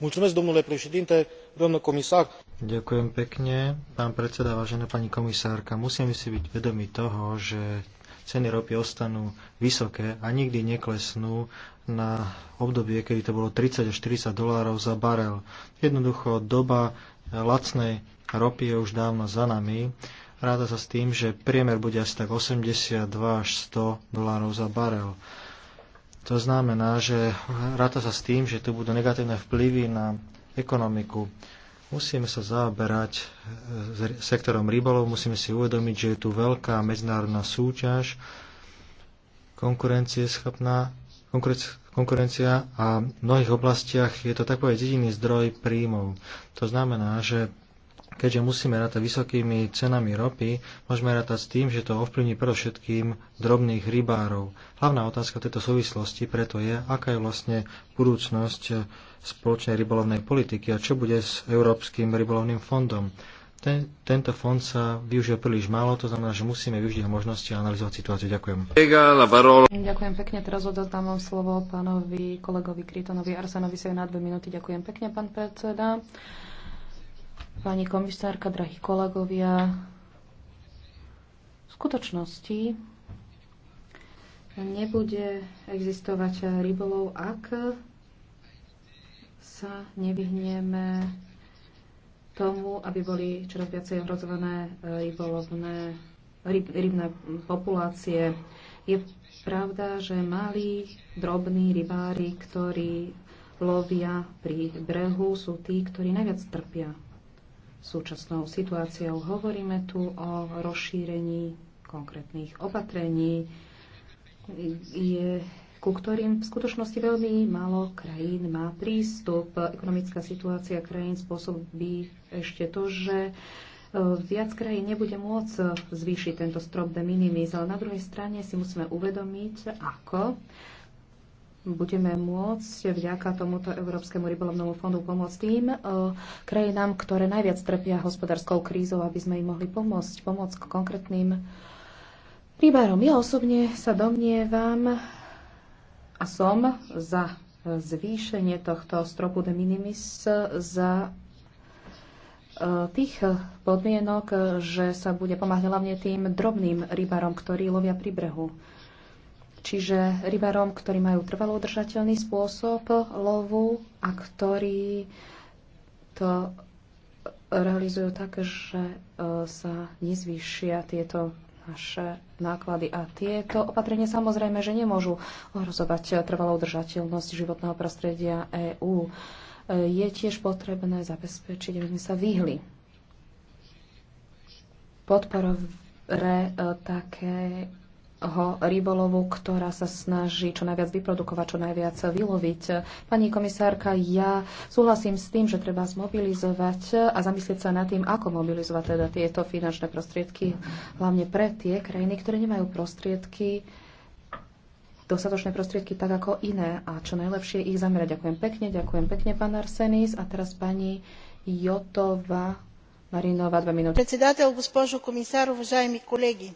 Mulțumesc, domnule președinte, doamnă comisar. Ďakujem pekne, pán predseda, vážená pani komisárka. Musíme si byť vedomi toho, že ceny ropy ostanú vysoké a nikdy neklesnú na obdobie, kedy to bolo 30 až 40 dolárov za barel. Jednoducho doba lacnej ropy je už dávno za nami. Ráda sa s tým, že priemer bude asi tak 82 až 100 dolárov za barel. To znamená, že ráda sa s tým, že tu budú negatívne vplyvy na ekonomiku. Musíme sa zaoberať e, sektorom rybolov, musíme si uvedomiť, že je tu veľká medzinárodná súťaž, konkurencieschopná, konkurencie, konkurencia a v mnohých oblastiach je to takový jediný zdroj príjmov. To znamená, že keďže musíme rátať vysokými cenami ropy, môžeme rátať s tým, že to ovplyvní predovšetkým drobných rybárov. Hlavná otázka v tejto súvislosti preto je, aká je vlastne budúcnosť spoločnej rybolovnej politiky a čo bude s Európskym rybolovným fondom. Ten, tento fond sa využil príliš málo, to znamená, že musíme využiť možnosti a analyzovať situáciu. Ďakujem. Ďakujem pekne. Teraz odozdám vám slovo pánovi kolegovi Krytonovi Arsenovi sa na dve minúty. Ďakujem pekne, pán predseda. Pani komisárka, drahí kolegovia, v skutočnosti nebude existovať rybolov, ak sa nevyhneme tomu, aby boli čoraz viacej ohrozované e, rybolovné, ryb, rybné populácie. Je pravda, že malí, drobní rybári, ktorí lovia pri brehu, sú tí, ktorí najviac trpia súčasnou situáciou. Hovoríme tu o rozšírení konkrétnych opatrení. Je ku ktorým v skutočnosti veľmi málo krajín má prístup. Ekonomická situácia krajín spôsobí ešte to, že e, viac krajín nebude môcť e, zvýšiť tento strop de minimis, ale na druhej strane si musíme uvedomiť, ako budeme môcť vďaka tomuto Európskemu rybolovnému fondu pomôcť tým e, krajinám, ktoré najviac trpia hospodárskou krízou, aby sme im mohli pomôcť, pomôcť konkrétnym rybárom. Ja osobne sa domnievam, a som za zvýšenie tohto stropu de minimis za e, tých podmienok, že sa bude pomáhať hlavne tým drobným rybárom, ktorí lovia pri brehu. Čiže rybárom, ktorí majú trvalo udržateľný spôsob lovu a ktorí to realizujú tak, že e, sa nezvýšia tieto naše náklady. A tieto opatrenia samozrejme, že nemôžu ohrozovať eh, trvalú udržateľnosť životného prostredia EÚ. Eh, je tiež potrebné zabezpečiť, aby sme sa vyhli podporové eh, také ho rybolovu, ktorá sa snaží čo najviac vyprodukovať, čo najviac vyloviť. Pani komisárka, ja súhlasím s tým, že treba zmobilizovať a zamyslieť sa nad tým, ako mobilizovať teda tieto finančné prostriedky, hlavne pre tie krajiny, ktoré nemajú prostriedky dostatočné prostriedky tak ako iné a čo najlepšie ich zamerať. Ďakujem pekne, ďakujem pekne, pán Arsenis. A teraz pani Jotova Marinova, dva minúty. Predsedateľ, gospožu komisáru, vžajmi kolegy.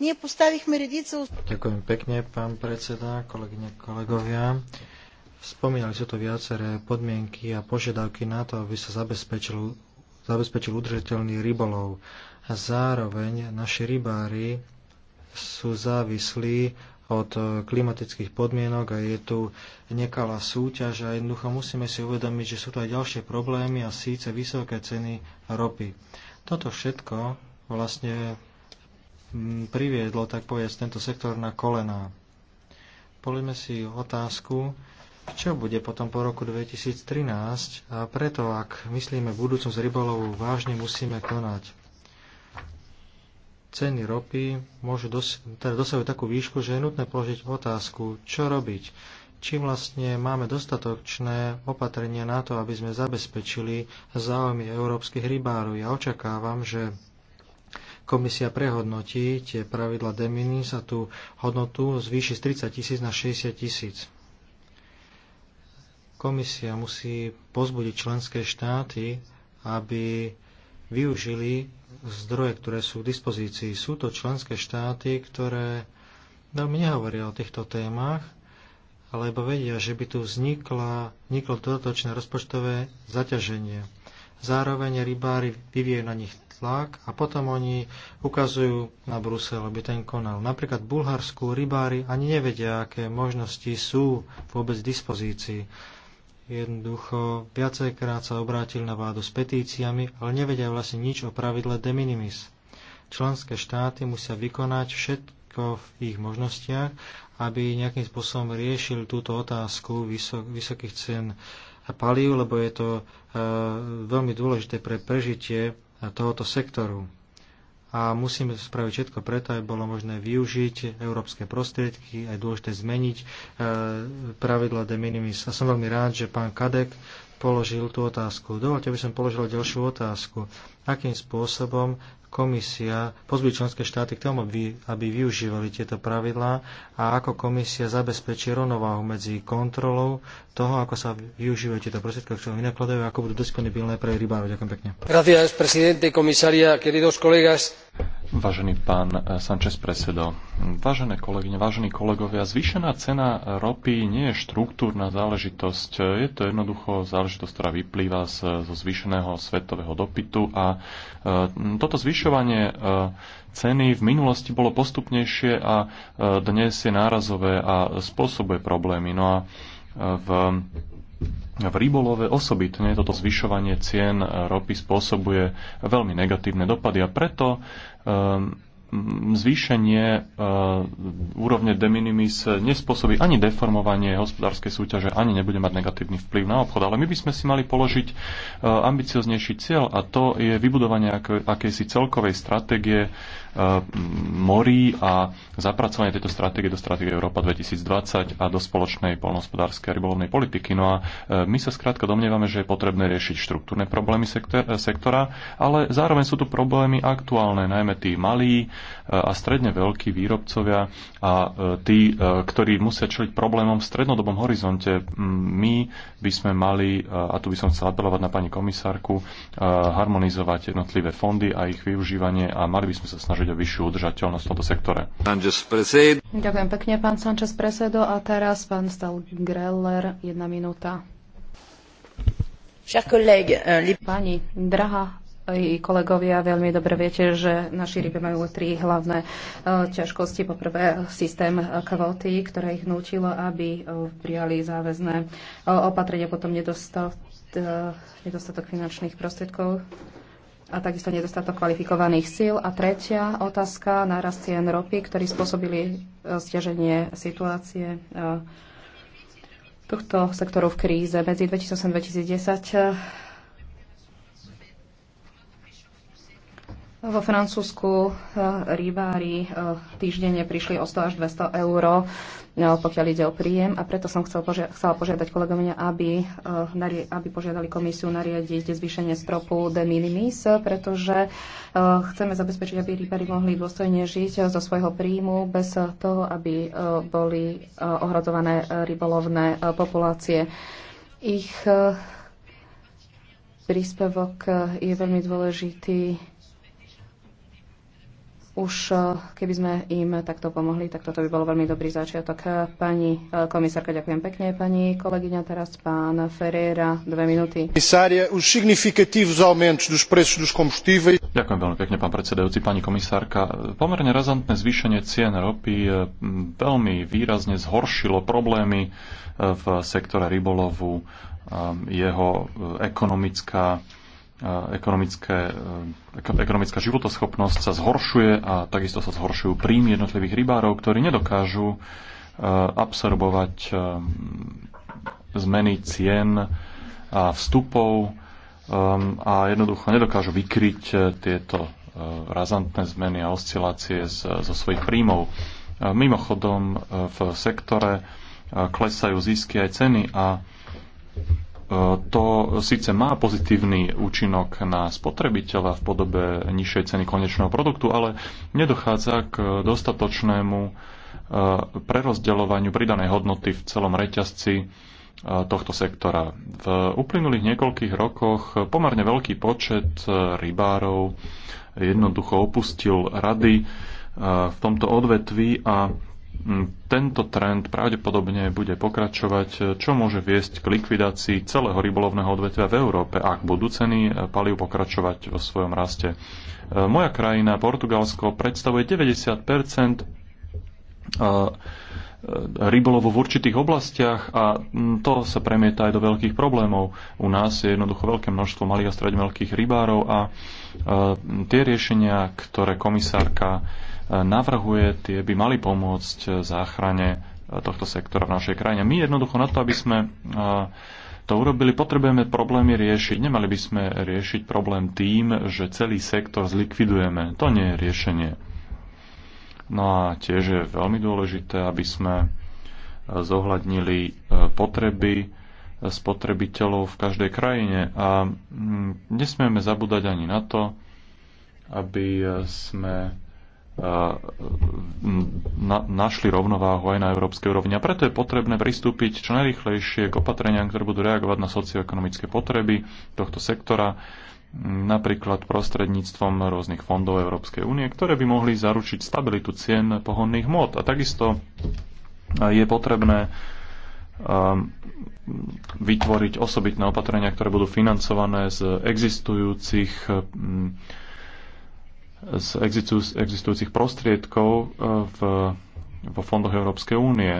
Ďakujem pekne, pán predseda, kolegyne, kolegovia. Spomínali sú to viaceré podmienky a požiadavky na to, aby sa zabezpečil, zabezpečil udržateľný rybolov. A zároveň naši rybári sú závislí od klimatických podmienok a je tu nekalá súťaž a jednoducho musíme si uvedomiť, že sú tu aj ďalšie problémy a síce vysoké ceny ropy. Toto všetko vlastne priviedlo, tak povedať, tento sektor na kolená. Políme si otázku, čo bude potom po roku 2013 a preto, ak myslíme budúcnosť rybolovu, vážne musíme konať. Ceny ropy môžu dos- teda dosahujú takú výšku, že je nutné položiť otázku, čo robiť, či vlastne máme dostatočné opatrenia na to, aby sme zabezpečili záujmy európskych rybárov. Ja očakávam, že komisia prehodnotí tie pravidla de minimis a tú hodnotu zvýši z 30 tisíc na 60 tisíc. Komisia musí pozbudiť členské štáty, aby využili zdroje, ktoré sú k dispozícii. Sú to členské štáty, ktoré veľmi nehovoria o týchto témach, alebo vedia, že by tu vznikla, vzniklo dodatočné rozpočtové zaťaženie. Zároveň rybári vyvíjajú na nich tlak a potom oni ukazujú na Brusel, aby ten konal. Napríklad v Bulharsku rybári ani nevedia, aké možnosti sú vôbec v dispozícii. Jednoducho viacejkrát sa obrátili na vládu s petíciami, ale nevedia vlastne nič o pravidle de minimis. Členské štáty musia vykonať všetko v ich možnostiach, aby nejakým spôsobom riešili túto otázku vysok, vysokých cien palív, lebo je to e, veľmi dôležité pre prežitie tohoto sektoru. A musíme spraviť všetko preto, aby bolo možné využiť európske prostriedky, aj dôležité zmeniť e, pravidla de minimis. A som veľmi rád, že pán Kadek položil tú otázku. Dovolte, aby som položil ďalšiu otázku. Akým spôsobom komisia pozbudí členské štáty k tomu, aby, využívali tieto pravidlá a ako komisia zabezpečí rovnováhu medzi kontrolou toho, ako sa využívajú tieto prostriedky, čo vynakladajú, ako budú disponibilné pre rybárov. Ďakujem pekne. Gracias, presidente, komisaria, queridos Vážený pán eh, Sanchez presedo, vážené kolegyne, vážení kolegovia, zvýšená cena ropy nie je štruktúrna záležitosť. Je to jednoducho záležitosť, ktorá vyplýva zo zvýšeného svetového dopytu a eh, toto zvýšenie zvyšovanie e, ceny v minulosti bolo postupnejšie a e, dnes je nárazové a spôsobuje problémy. No a e, v v rybolove osobitne toto zvyšovanie cien ropy spôsobuje veľmi negatívne dopady a preto zvýšenie e, úrovne de minimis nespôsobí ani deformovanie hospodárskej súťaže, ani nebude mať negatívny vplyv na obchod. Ale my by sme si mali položiť e, ambicioznejší cieľ a to je vybudovanie akejsi celkovej stratégie e, morí a zapracovanie tejto stratégie do stratégie Európa 2020 a do spoločnej polnohospodárskej a rybolovnej politiky. No a my sa skrátka domnievame, že je potrebné riešiť štruktúrne problémy sektora, ale zároveň sú tu problémy aktuálne, najmä tí malí, a stredne veľkí výrobcovia a e, tí, e, ktorí musia čeliť problémom v strednodobom horizonte. My by sme mali, e, a tu by som chcel apelovať na pani komisárku, harmonizovať jednotlivé fondy a ich využívanie a mali by sme sa snažiť o vyššiu udržateľnosť v tomto sektore. Ďakujem pekne, pán Sanchez Presedo. A teraz pán Stal Greller, jedna minúta. Euh, pani, drahá aj kolegovia veľmi dobre viete, že naši ryby majú tri hlavné e, ťažkosti. Poprvé systém kvóty, ktoré ich nutilo, aby e, prijali záväzné e, opatrenia, potom nedostatok finančných prostriedkov a takisto nedostatok kvalifikovaných síl. A tretia otázka, nárast cien ropy, ktorý spôsobili stiaženie situácie tohto sektoru v kríze. Medzi 2008 a 2010 Vo Francúzsku eh, rybári eh, týždenne prišli o 100 až 200 eur, eh, pokiaľ ide o príjem. A preto som chcel požia- chcela požiadať kolegovňa, aby, aby požiadali komisiu nariadiť zvýšenie stropu de minimis, pretože chceme zabezpečiť, aby rybári mohli dôstojne žiť zo svojho príjmu bez toho, aby boli ohrozované rybolovné populácie. Ich príspevok je veľmi dôležitý už eh, keby sme im takto pomohli, tak toto by bolo veľmi dobrý začiatok. Eh, pani eh, komisárka, ďakujem pekne. Pani kolegyňa, teraz pán Ferreira, dve minúty. Ďakujem veľmi pekne, pán predsedajúci, pani komisárka. Pomerne razantné zvýšenie cien ropy veľmi výrazne zhoršilo problémy v sektore rybolovu, jeho ekonomická ekonomické, e, ekonomická životoschopnosť sa zhoršuje a takisto sa zhoršujú príjmy jednotlivých rybárov, ktorí nedokážu e, absorbovať e, zmeny cien a vstupov a jednoducho nedokážu vykryť tieto razantné zmeny a oscilácie zo svojich príjmov. Mimochodom v sektore klesajú zisky aj ceny a E, to síce má pozitívny účinok na spotrebiteľa v podobe nižšej ceny konečného produktu, ale nedochádza k dostatočnému e, prerozdeľovaniu pridanej hodnoty v celom reťazci e, tohto sektora. V uplynulých niekoľkých rokoch pomerne veľký počet rybárov jednoducho opustil rady v tomto odvetví a tento trend pravdepodobne bude pokračovať, čo môže viesť k likvidácii celého rybolovného odvetvia v Európe, ak budú ceny paliv pokračovať vo svojom raste. E, moja krajina, Portugalsko, predstavuje 90 e, e, rybolovu v určitých oblastiach a to sa premieta aj do veľkých problémov. U nás je jednoducho veľké množstvo malých a stredne veľkých rybárov a tie riešenia, ktoré komisárka navrhuje, tie by mali pomôcť eh, záchrane eh, tohto sektora v našej krajine. My jednoducho na to, aby sme eh, to urobili, potrebujeme problémy riešiť. Nemali by sme riešiť problém tým, že celý sektor zlikvidujeme. To nie je riešenie. No a tiež je veľmi dôležité, aby sme zohľadnili potreby spotrebiteľov v každej krajine. A mm, nesmieme zabúdať ani na to, aby sme na, našli rovnováhu aj na európskej úrovni. A preto je potrebné pristúpiť čo najrychlejšie k opatreniam, ktoré budú reagovať na socioekonomické potreby tohto sektora, napríklad prostredníctvom rôznych fondov Európskej únie, ktoré by mohli zaručiť stabilitu cien pohonných mód. A takisto je potrebné vytvoriť osobitné opatrenia, ktoré budú financované z existujúcich z existujúcich prostriedkov e, v, vo fondoch Európskej únie.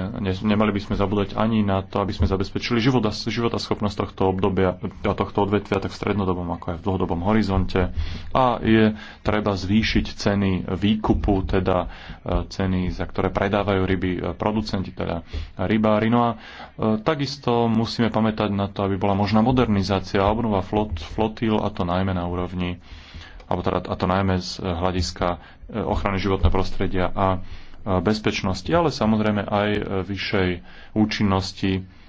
Nemali by sme zabúdať ani na to, aby sme zabezpečili život a, život a schopnosť tohto obdobia a e, tohto odvetvia tak v strednodobom, ako aj v dlhodobom horizonte. A je treba zvýšiť ceny výkupu, teda e, ceny, za ktoré predávajú ryby producenti, teda rybári. No a takisto musíme pamätať na to, aby bola možná modernizácia a obnova flot, flotil, a to najmä na úrovni alebo teda, a to najmä z eh, hľadiska eh, ochrany životného prostredia a eh, bezpečnosti, ale samozrejme aj vyššej účinnosti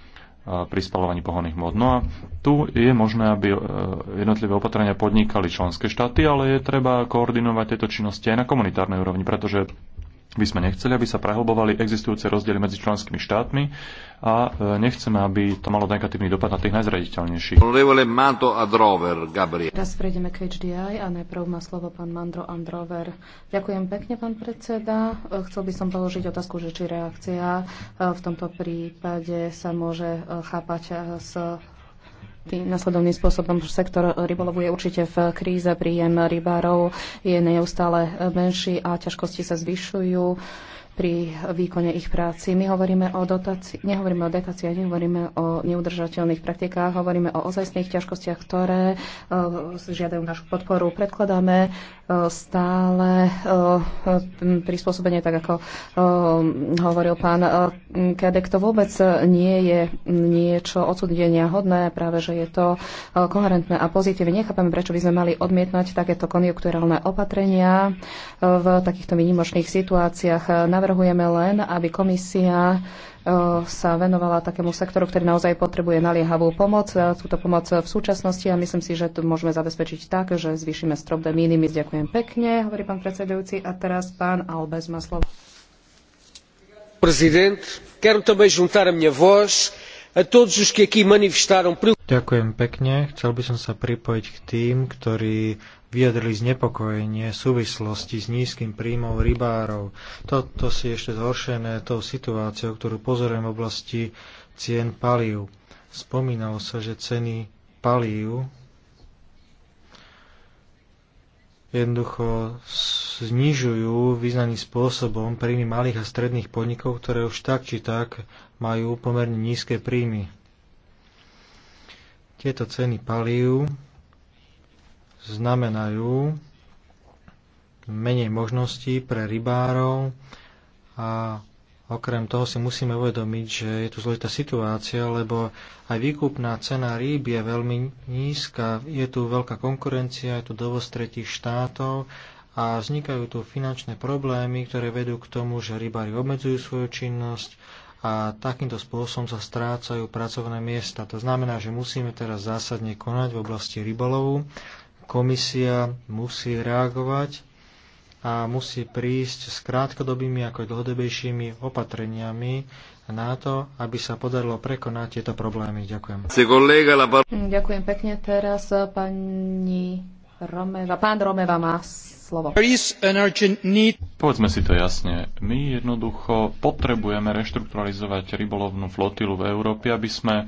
pri spalovaní pohonných hmot. No a tu je možné, aby jednotlivé opatrenia podnikali členské štáty, ale je treba koordinovať tieto činnosti aj na komunitárnej úrovni, pretože by sme nechceli, aby sa prehlbovali existujúce rozdiely medzi členskými štátmi a e, nechceme, aby to malo negatívny dopad na tých najzraditeľnejších. Teraz prejdeme k HDI a najprv má slovo pán Mandro Androver. Ďakujem pekne, pán predseda. E, chcel by som položiť otázku, že či reakcia e, v tomto prípade sa môže chápať s tým nasledovným spôsobom, že sektor rybolovu je určite v kríze, príjem rybárov je neustále menší a ťažkosti sa zvyšujú pri výkone ich práci. My hovoríme o dotácii, nehovoríme o dotáciách, nehovoríme o neudržateľných praktikách, hovoríme o ozajstných ťažkostiach, ktoré eh, žiadajú našu podporu. Predkladáme eh, stále eh, prispôsobenie, tak ako hovoril pán Kedek. To vôbec nie je niečo odsudenia hodné, práve že je to koherentné a pozitívne. Nechápame, prečo by sme mali odmietnať takéto konjunkturálne opatrenia v takýchto výnimočných situáciách navrhujeme len, aby komisia e, sa venovala takému sektoru, ktorý naozaj potrebuje naliehavú pomoc. Túto e, pomoc v súčasnosti a myslím si, že to môžeme zabezpečiť tak, že zvýšime strop de minimis. Ďakujem pekne, hovorí pán predsedajúci. A teraz pán Albez má slovo. Prezident, chcem também juntar a voz a todos os que aquí manifestaram Ďakujem pekne. Chcel by som sa pripojiť k tým, ktorí vyjadrili znepokojenie v súvislosti s nízkym príjmom rybárov. Toto si ešte zhoršené tou situáciou, ktorú pozorujem v oblasti cien palív. Spomínalo sa, že ceny palív jednoducho znižujú význaným spôsobom príjmy malých a stredných podnikov, ktoré už tak či tak majú pomerne nízke príjmy. Tieto ceny palív znamenajú menej možností pre rybárov a okrem toho si musíme uvedomiť, že je tu zložitá situácia, lebo aj výkupná cena rýb je veľmi nízka, je tu veľká konkurencia, je tu dovoz tretich štátov a vznikajú tu finančné problémy, ktoré vedú k tomu, že rybári obmedzujú svoju činnosť a takýmto spôsobom sa strácajú pracovné miesta. To znamená, že musíme teraz zásadne konať v oblasti rybolovu komisia musí reagovať a musí prísť s krátkodobými ako aj dlhodobejšími opatreniami na to, aby sa podarilo prekonať tieto problémy. Ďakujem. Ďakujem pekne. Teraz eh, pani Romeva. Pán Romeva má slovo. Povedzme si to jasne. My jednoducho potrebujeme reštrukturalizovať rybolovnú flotilu v Európe, aby sme eh,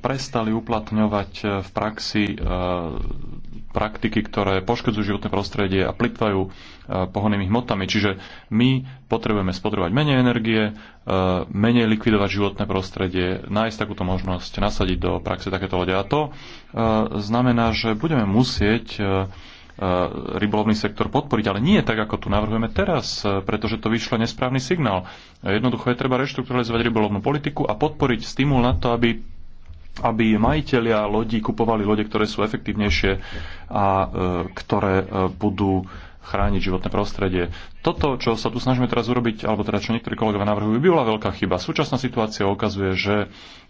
prestali uplatňovať eh, v praxi praktiky, ktoré poškodzujú životné prostredie a plitvajú e, pohonými hmotami. Čiže my potrebujeme spotrebovať menej energie, e, menej likvidovať životné prostredie, nájsť takúto možnosť, nasadiť do praxe takéto lode. A to e, znamená, že budeme musieť rybolovný sektor podporiť, ale nie tak, ako tu navrhujeme teraz, pretože to vyšlo nesprávny signál. Jednoducho je treba reštrukturalizovať rybolovnú politiku a podporiť stimul na to, aby aby majiteľia lodí kupovali lode, ktoré sú efektívnejšie a e, ktoré e, budú chrániť životné prostredie. Toto, čo sa tu snažíme teraz urobiť, alebo teda čo niektorí kolegovia navrhujú, by bola veľká chyba. Súčasná situácia ukazuje, že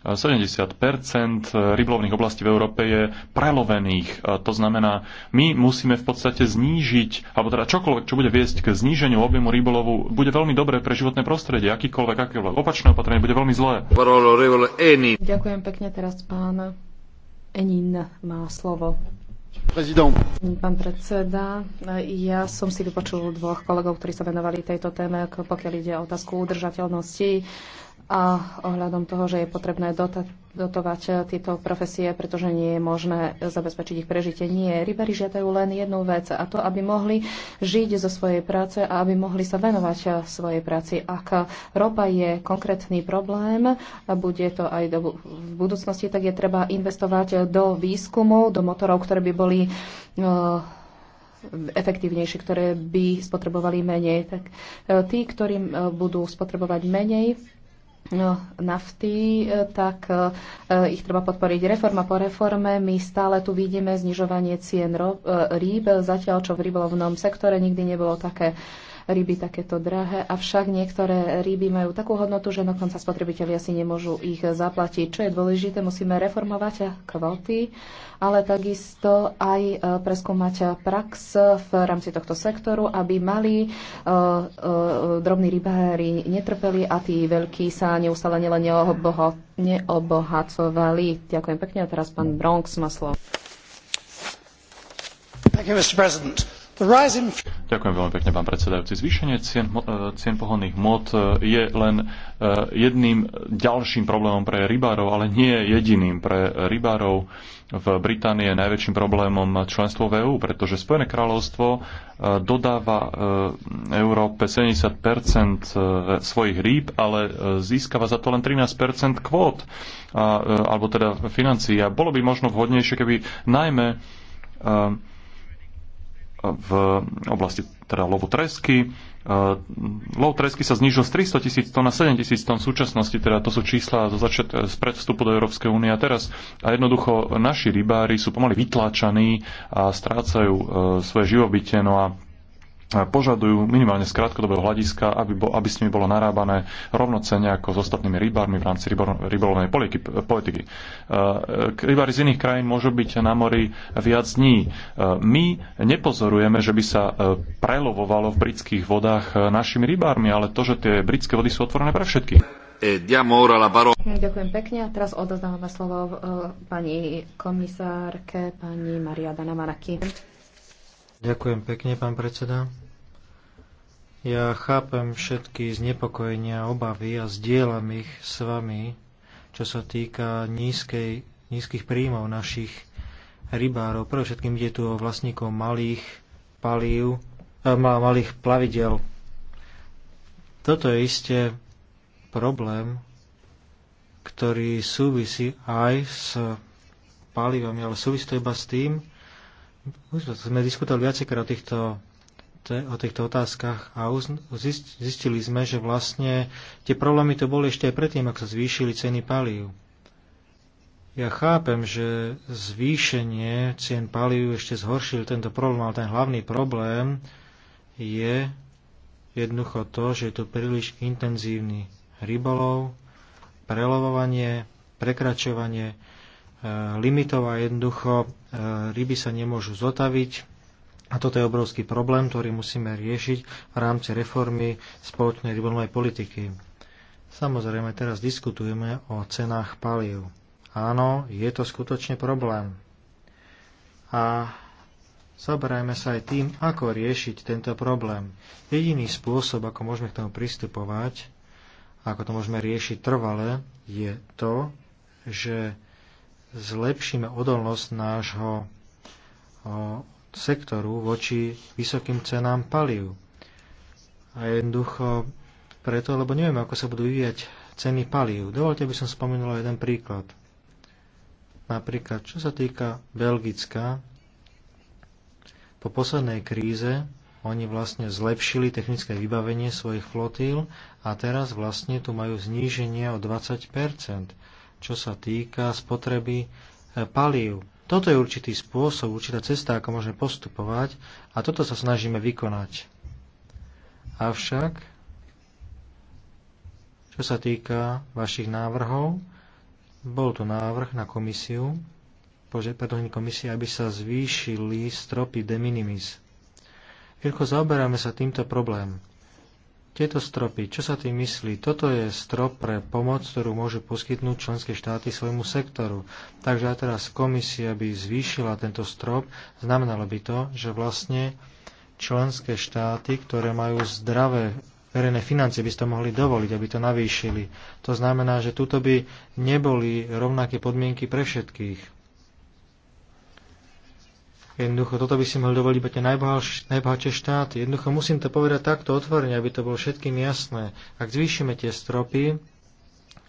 70 rybolovných oblastí v Európe je prelovených. To znamená, my musíme v podstate znížiť, alebo teda čokoľvek, čo bude viesť k zníženiu objemu rybolovu, bude veľmi dobré pre životné prostredie. Akýkoľvek, akýkoľvek opačné opatrenie bude veľmi zlé. Ďakujem pekne teraz pán Enin má slovo. Pán predseda, ja som si vypočul dvoch kolegov, ktorí sa venovali tejto téme, pokiaľ ide o otázku udržateľnosti a ohľadom toho, že je potrebné dotovať eh, tieto profesie, pretože nie je možné zabezpečiť ich prežitie. Nie, rybári žiadajú len jednu vec a to, aby mohli žiť zo svojej práce a aby mohli sa venovať eh, svojej práci. Ak ropa je konkrétny problém a bude to aj do, v budúcnosti, tak je treba investovať eh, do výskumov, do motorov, ktoré by boli uh, efektívnejšie, ktoré by spotrebovali menej. Tak tí, ktorí budú spotrebovať menej, No, nafty, e, tak e, e, ich treba podporiť reforma po reforme. My stále tu vidíme znižovanie cien rýb, zatiaľ čo v rybovnom sektore nikdy nebolo také ryby takéto drahé, avšak niektoré ryby majú takú hodnotu, že dokonca spotrebitelia si nemôžu ich zaplatiť. Čo je dôležité, musíme reformovať kvóty, ale takisto aj e, preskúmať prax v rámci tohto sektoru, aby mali e, e, drobní rybári netrpeli a tí veľkí sa neustále nielen neobohacovali. Ďakujem pekne a teraz pán Bronx má slovo. Thank you, Mr. President Ďakujem veľmi pekne, pán predsedajúci. Zvýšenie cien, e, cien pohonných mod e, je len e, jedným ďalším problémom pre rybárov, ale nie jediným pre rybárov. V Británii je najväčším problémom členstvo v EÚ, pretože Spojené kráľovstvo dodáva Európe 70 svojich rýb, ale získava za to len 13 kvót, alebo teda financií. A bolo by možno vhodnejšie, keby najmä v oblasti teda lovu tresky. E, lov tresky sa znížil z 300 tisíc tón na 7 tisíc tón v súčasnosti, teda to sú čísla zo začiat, e, z predvstupu do Európskej únie a teraz. A jednoducho naši rybári sú pomaly vytláčaní a strácajú e, svoje živobytie. No a požadujú minimálne z krátkodobého hľadiska, aby, bo, aby s nimi bolo narábané rovnocene ako s ostatnými rybármi v rámci rybolovnej politiky. E, rybári z iných krajín môžu byť na mori viac dní. E, my nepozorujeme, že by sa e, prelovovalo v britských vodách našimi rybármi, ale to, že tie britské vody sú otvorené pre všetkých. Ďakujem pekne. A teraz odozdávame slovo pani komisárke, pani Maria Danamaraki. Ďakujem pekne, pán predseda. Ja chápem všetky znepokojenia, obavy a zdieľam ich s vami, čo sa týka nízkej, nízkych príjmov našich rybárov. Pre všetkým ide tu o vlastníkov malých palív, eh, malých plavidel. Toto je isté problém, ktorý súvisí aj s palivami, ale súvisí to iba s tým, my sme diskutovali viacekrát o týchto te, o týchto otázkach a uz, zistili sme, že vlastne tie problémy to boli ešte aj predtým, ak sa zvýšili ceny palív. Ja chápem, že zvýšenie cien palív ešte zhoršil tento problém, ale ten hlavný problém je jednoducho to, že je tu príliš intenzívny rybolov, prelovovanie, prekračovanie limitová e, limitov a jednoducho e, ryby sa nemôžu zotaviť, a toto je obrovský problém, ktorý musíme riešiť v rámci reformy spoločnej rybolovnej politiky. Samozrejme, teraz diskutujeme o cenách palív. Áno, je to skutočne problém. A zaberajme sa aj tým, ako riešiť tento problém. Jediný spôsob, ako môžeme k tomu pristupovať, ako to môžeme riešiť trvale, je to, že zlepšíme odolnosť nášho sektoru voči vysokým cenám palív. A jednoducho preto, lebo nevieme, ako sa budú vyvíjať ceny palív. Dovolte, aby som spomenul jeden príklad. Napríklad, čo sa týka Belgická, po poslednej kríze oni vlastne zlepšili technické vybavenie svojich flotíl a teraz vlastne tu majú zníženie o 20 čo sa týka spotreby eh, palív. Toto je určitý spôsob, určitá cesta, ako môžeme postupovať a toto sa snažíme vykonať. Avšak, čo sa týka vašich návrhov, bol tu návrh na komisiu, predložení komisie, aby sa zvýšili stropy de minimis. Keďko zaoberáme sa týmto problémom. Tieto stropy, čo sa tým myslí? Toto je strop pre pomoc, ktorú môžu poskytnúť členské štáty svojmu sektoru. Takže aj teraz komisia by zvýšila tento strop, znamenalo by to, že vlastne členské štáty, ktoré majú zdravé verejné financie, by ste mohli dovoliť, aby to navýšili. To znamená, že tuto by neboli rovnaké podmienky pre všetkých. Jednoducho, toto by si mohli dovoliť iba tie najbohatšie štáty. Jednoducho, musím to povedať takto otvorene, aby to bolo všetkým jasné. Ak zvýšime tie stropy,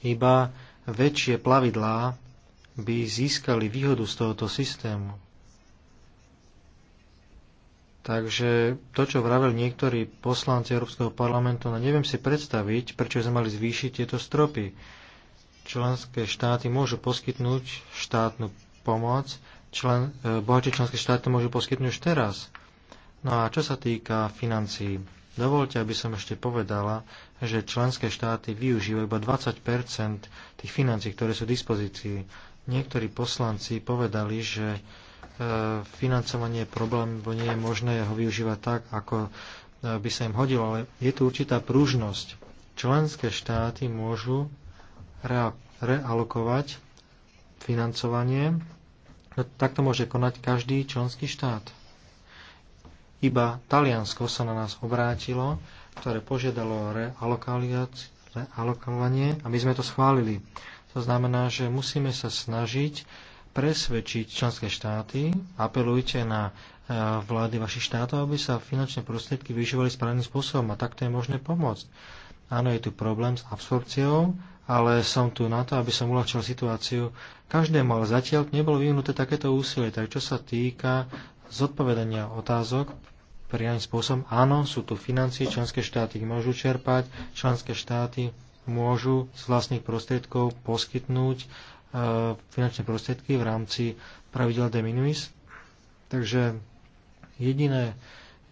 iba väčšie plavidlá by získali výhodu z tohoto systému. Takže to, čo vravel niektorí poslanci Európskeho parlamentu, no neviem si predstaviť, prečo sme mali zvýšiť tieto stropy. Členské štáty môžu poskytnúť štátnu pomoc, člen, e, bohatšie členské štáty môžu poskytnúť už teraz. No a čo sa týka financií, dovolte, aby som ešte povedala, že členské štáty využívajú iba 20 tých financií, ktoré sú v dispozícii. Niektorí poslanci povedali, že e, financovanie je problém, bo nie je možné ho využívať tak, ako e, by sa im hodilo, ale je tu určitá pružnosť. Členské štáty môžu realokovať financovanie No, takto môže konať každý členský štát. Iba Taliansko sa na nás obrátilo, ktoré požiadalo realokovanie a my sme to schválili. To znamená, že musíme sa snažiť presvedčiť členské štáty, apelujte na e, vlády vašich štátov, aby sa finančné prostriedky využívali správnym spôsobom a takto je možné pomôcť. Áno, je tu problém s absorpciou, ale som tu na to, aby som uľahčil situáciu každému, ale zatiaľ nebolo vyhnuté takéto úsilie. Tak čo sa týka zodpovedania otázok priamým spôsobom, áno, sú tu financie, členské štáty ich môžu čerpať, členské štáty môžu z vlastných prostriedkov poskytnúť e, finančné prostriedky v rámci pravidel de minimis. Takže jediné,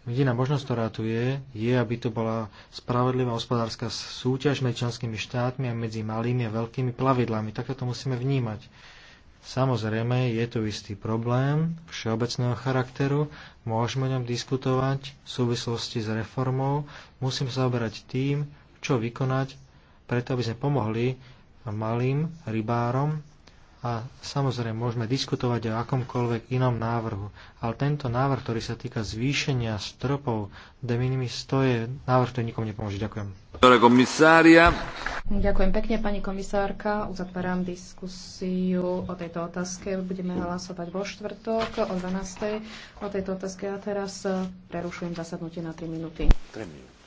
Jediná možnosť, ktorá tu je, je, aby to bola spravodlivá hospodárska súťaž medzi členskými štátmi a medzi malými a veľkými plavidlami. Takto to musíme vnímať. Samozrejme, je tu istý problém všeobecného charakteru, môžeme o ňom diskutovať v súvislosti s reformou, musím sa oberať tým, čo vykonať, preto aby sme pomohli malým rybárom a samozrejme môžeme diskutovať o akomkoľvek inom návrhu, ale tento návrh, ktorý sa týka zvýšenia stropov de minimis, to je návrh, ktorý nikomu nepomôže. Ďakujem. Ďakujem pekne, pani komisárka. Uzatváram diskusiu o tejto otázke. Budeme hlasovať vo štvrtok o 12. o tejto otázke a teraz prerušujem zasadnutie na 3 minúty. 3 minúty.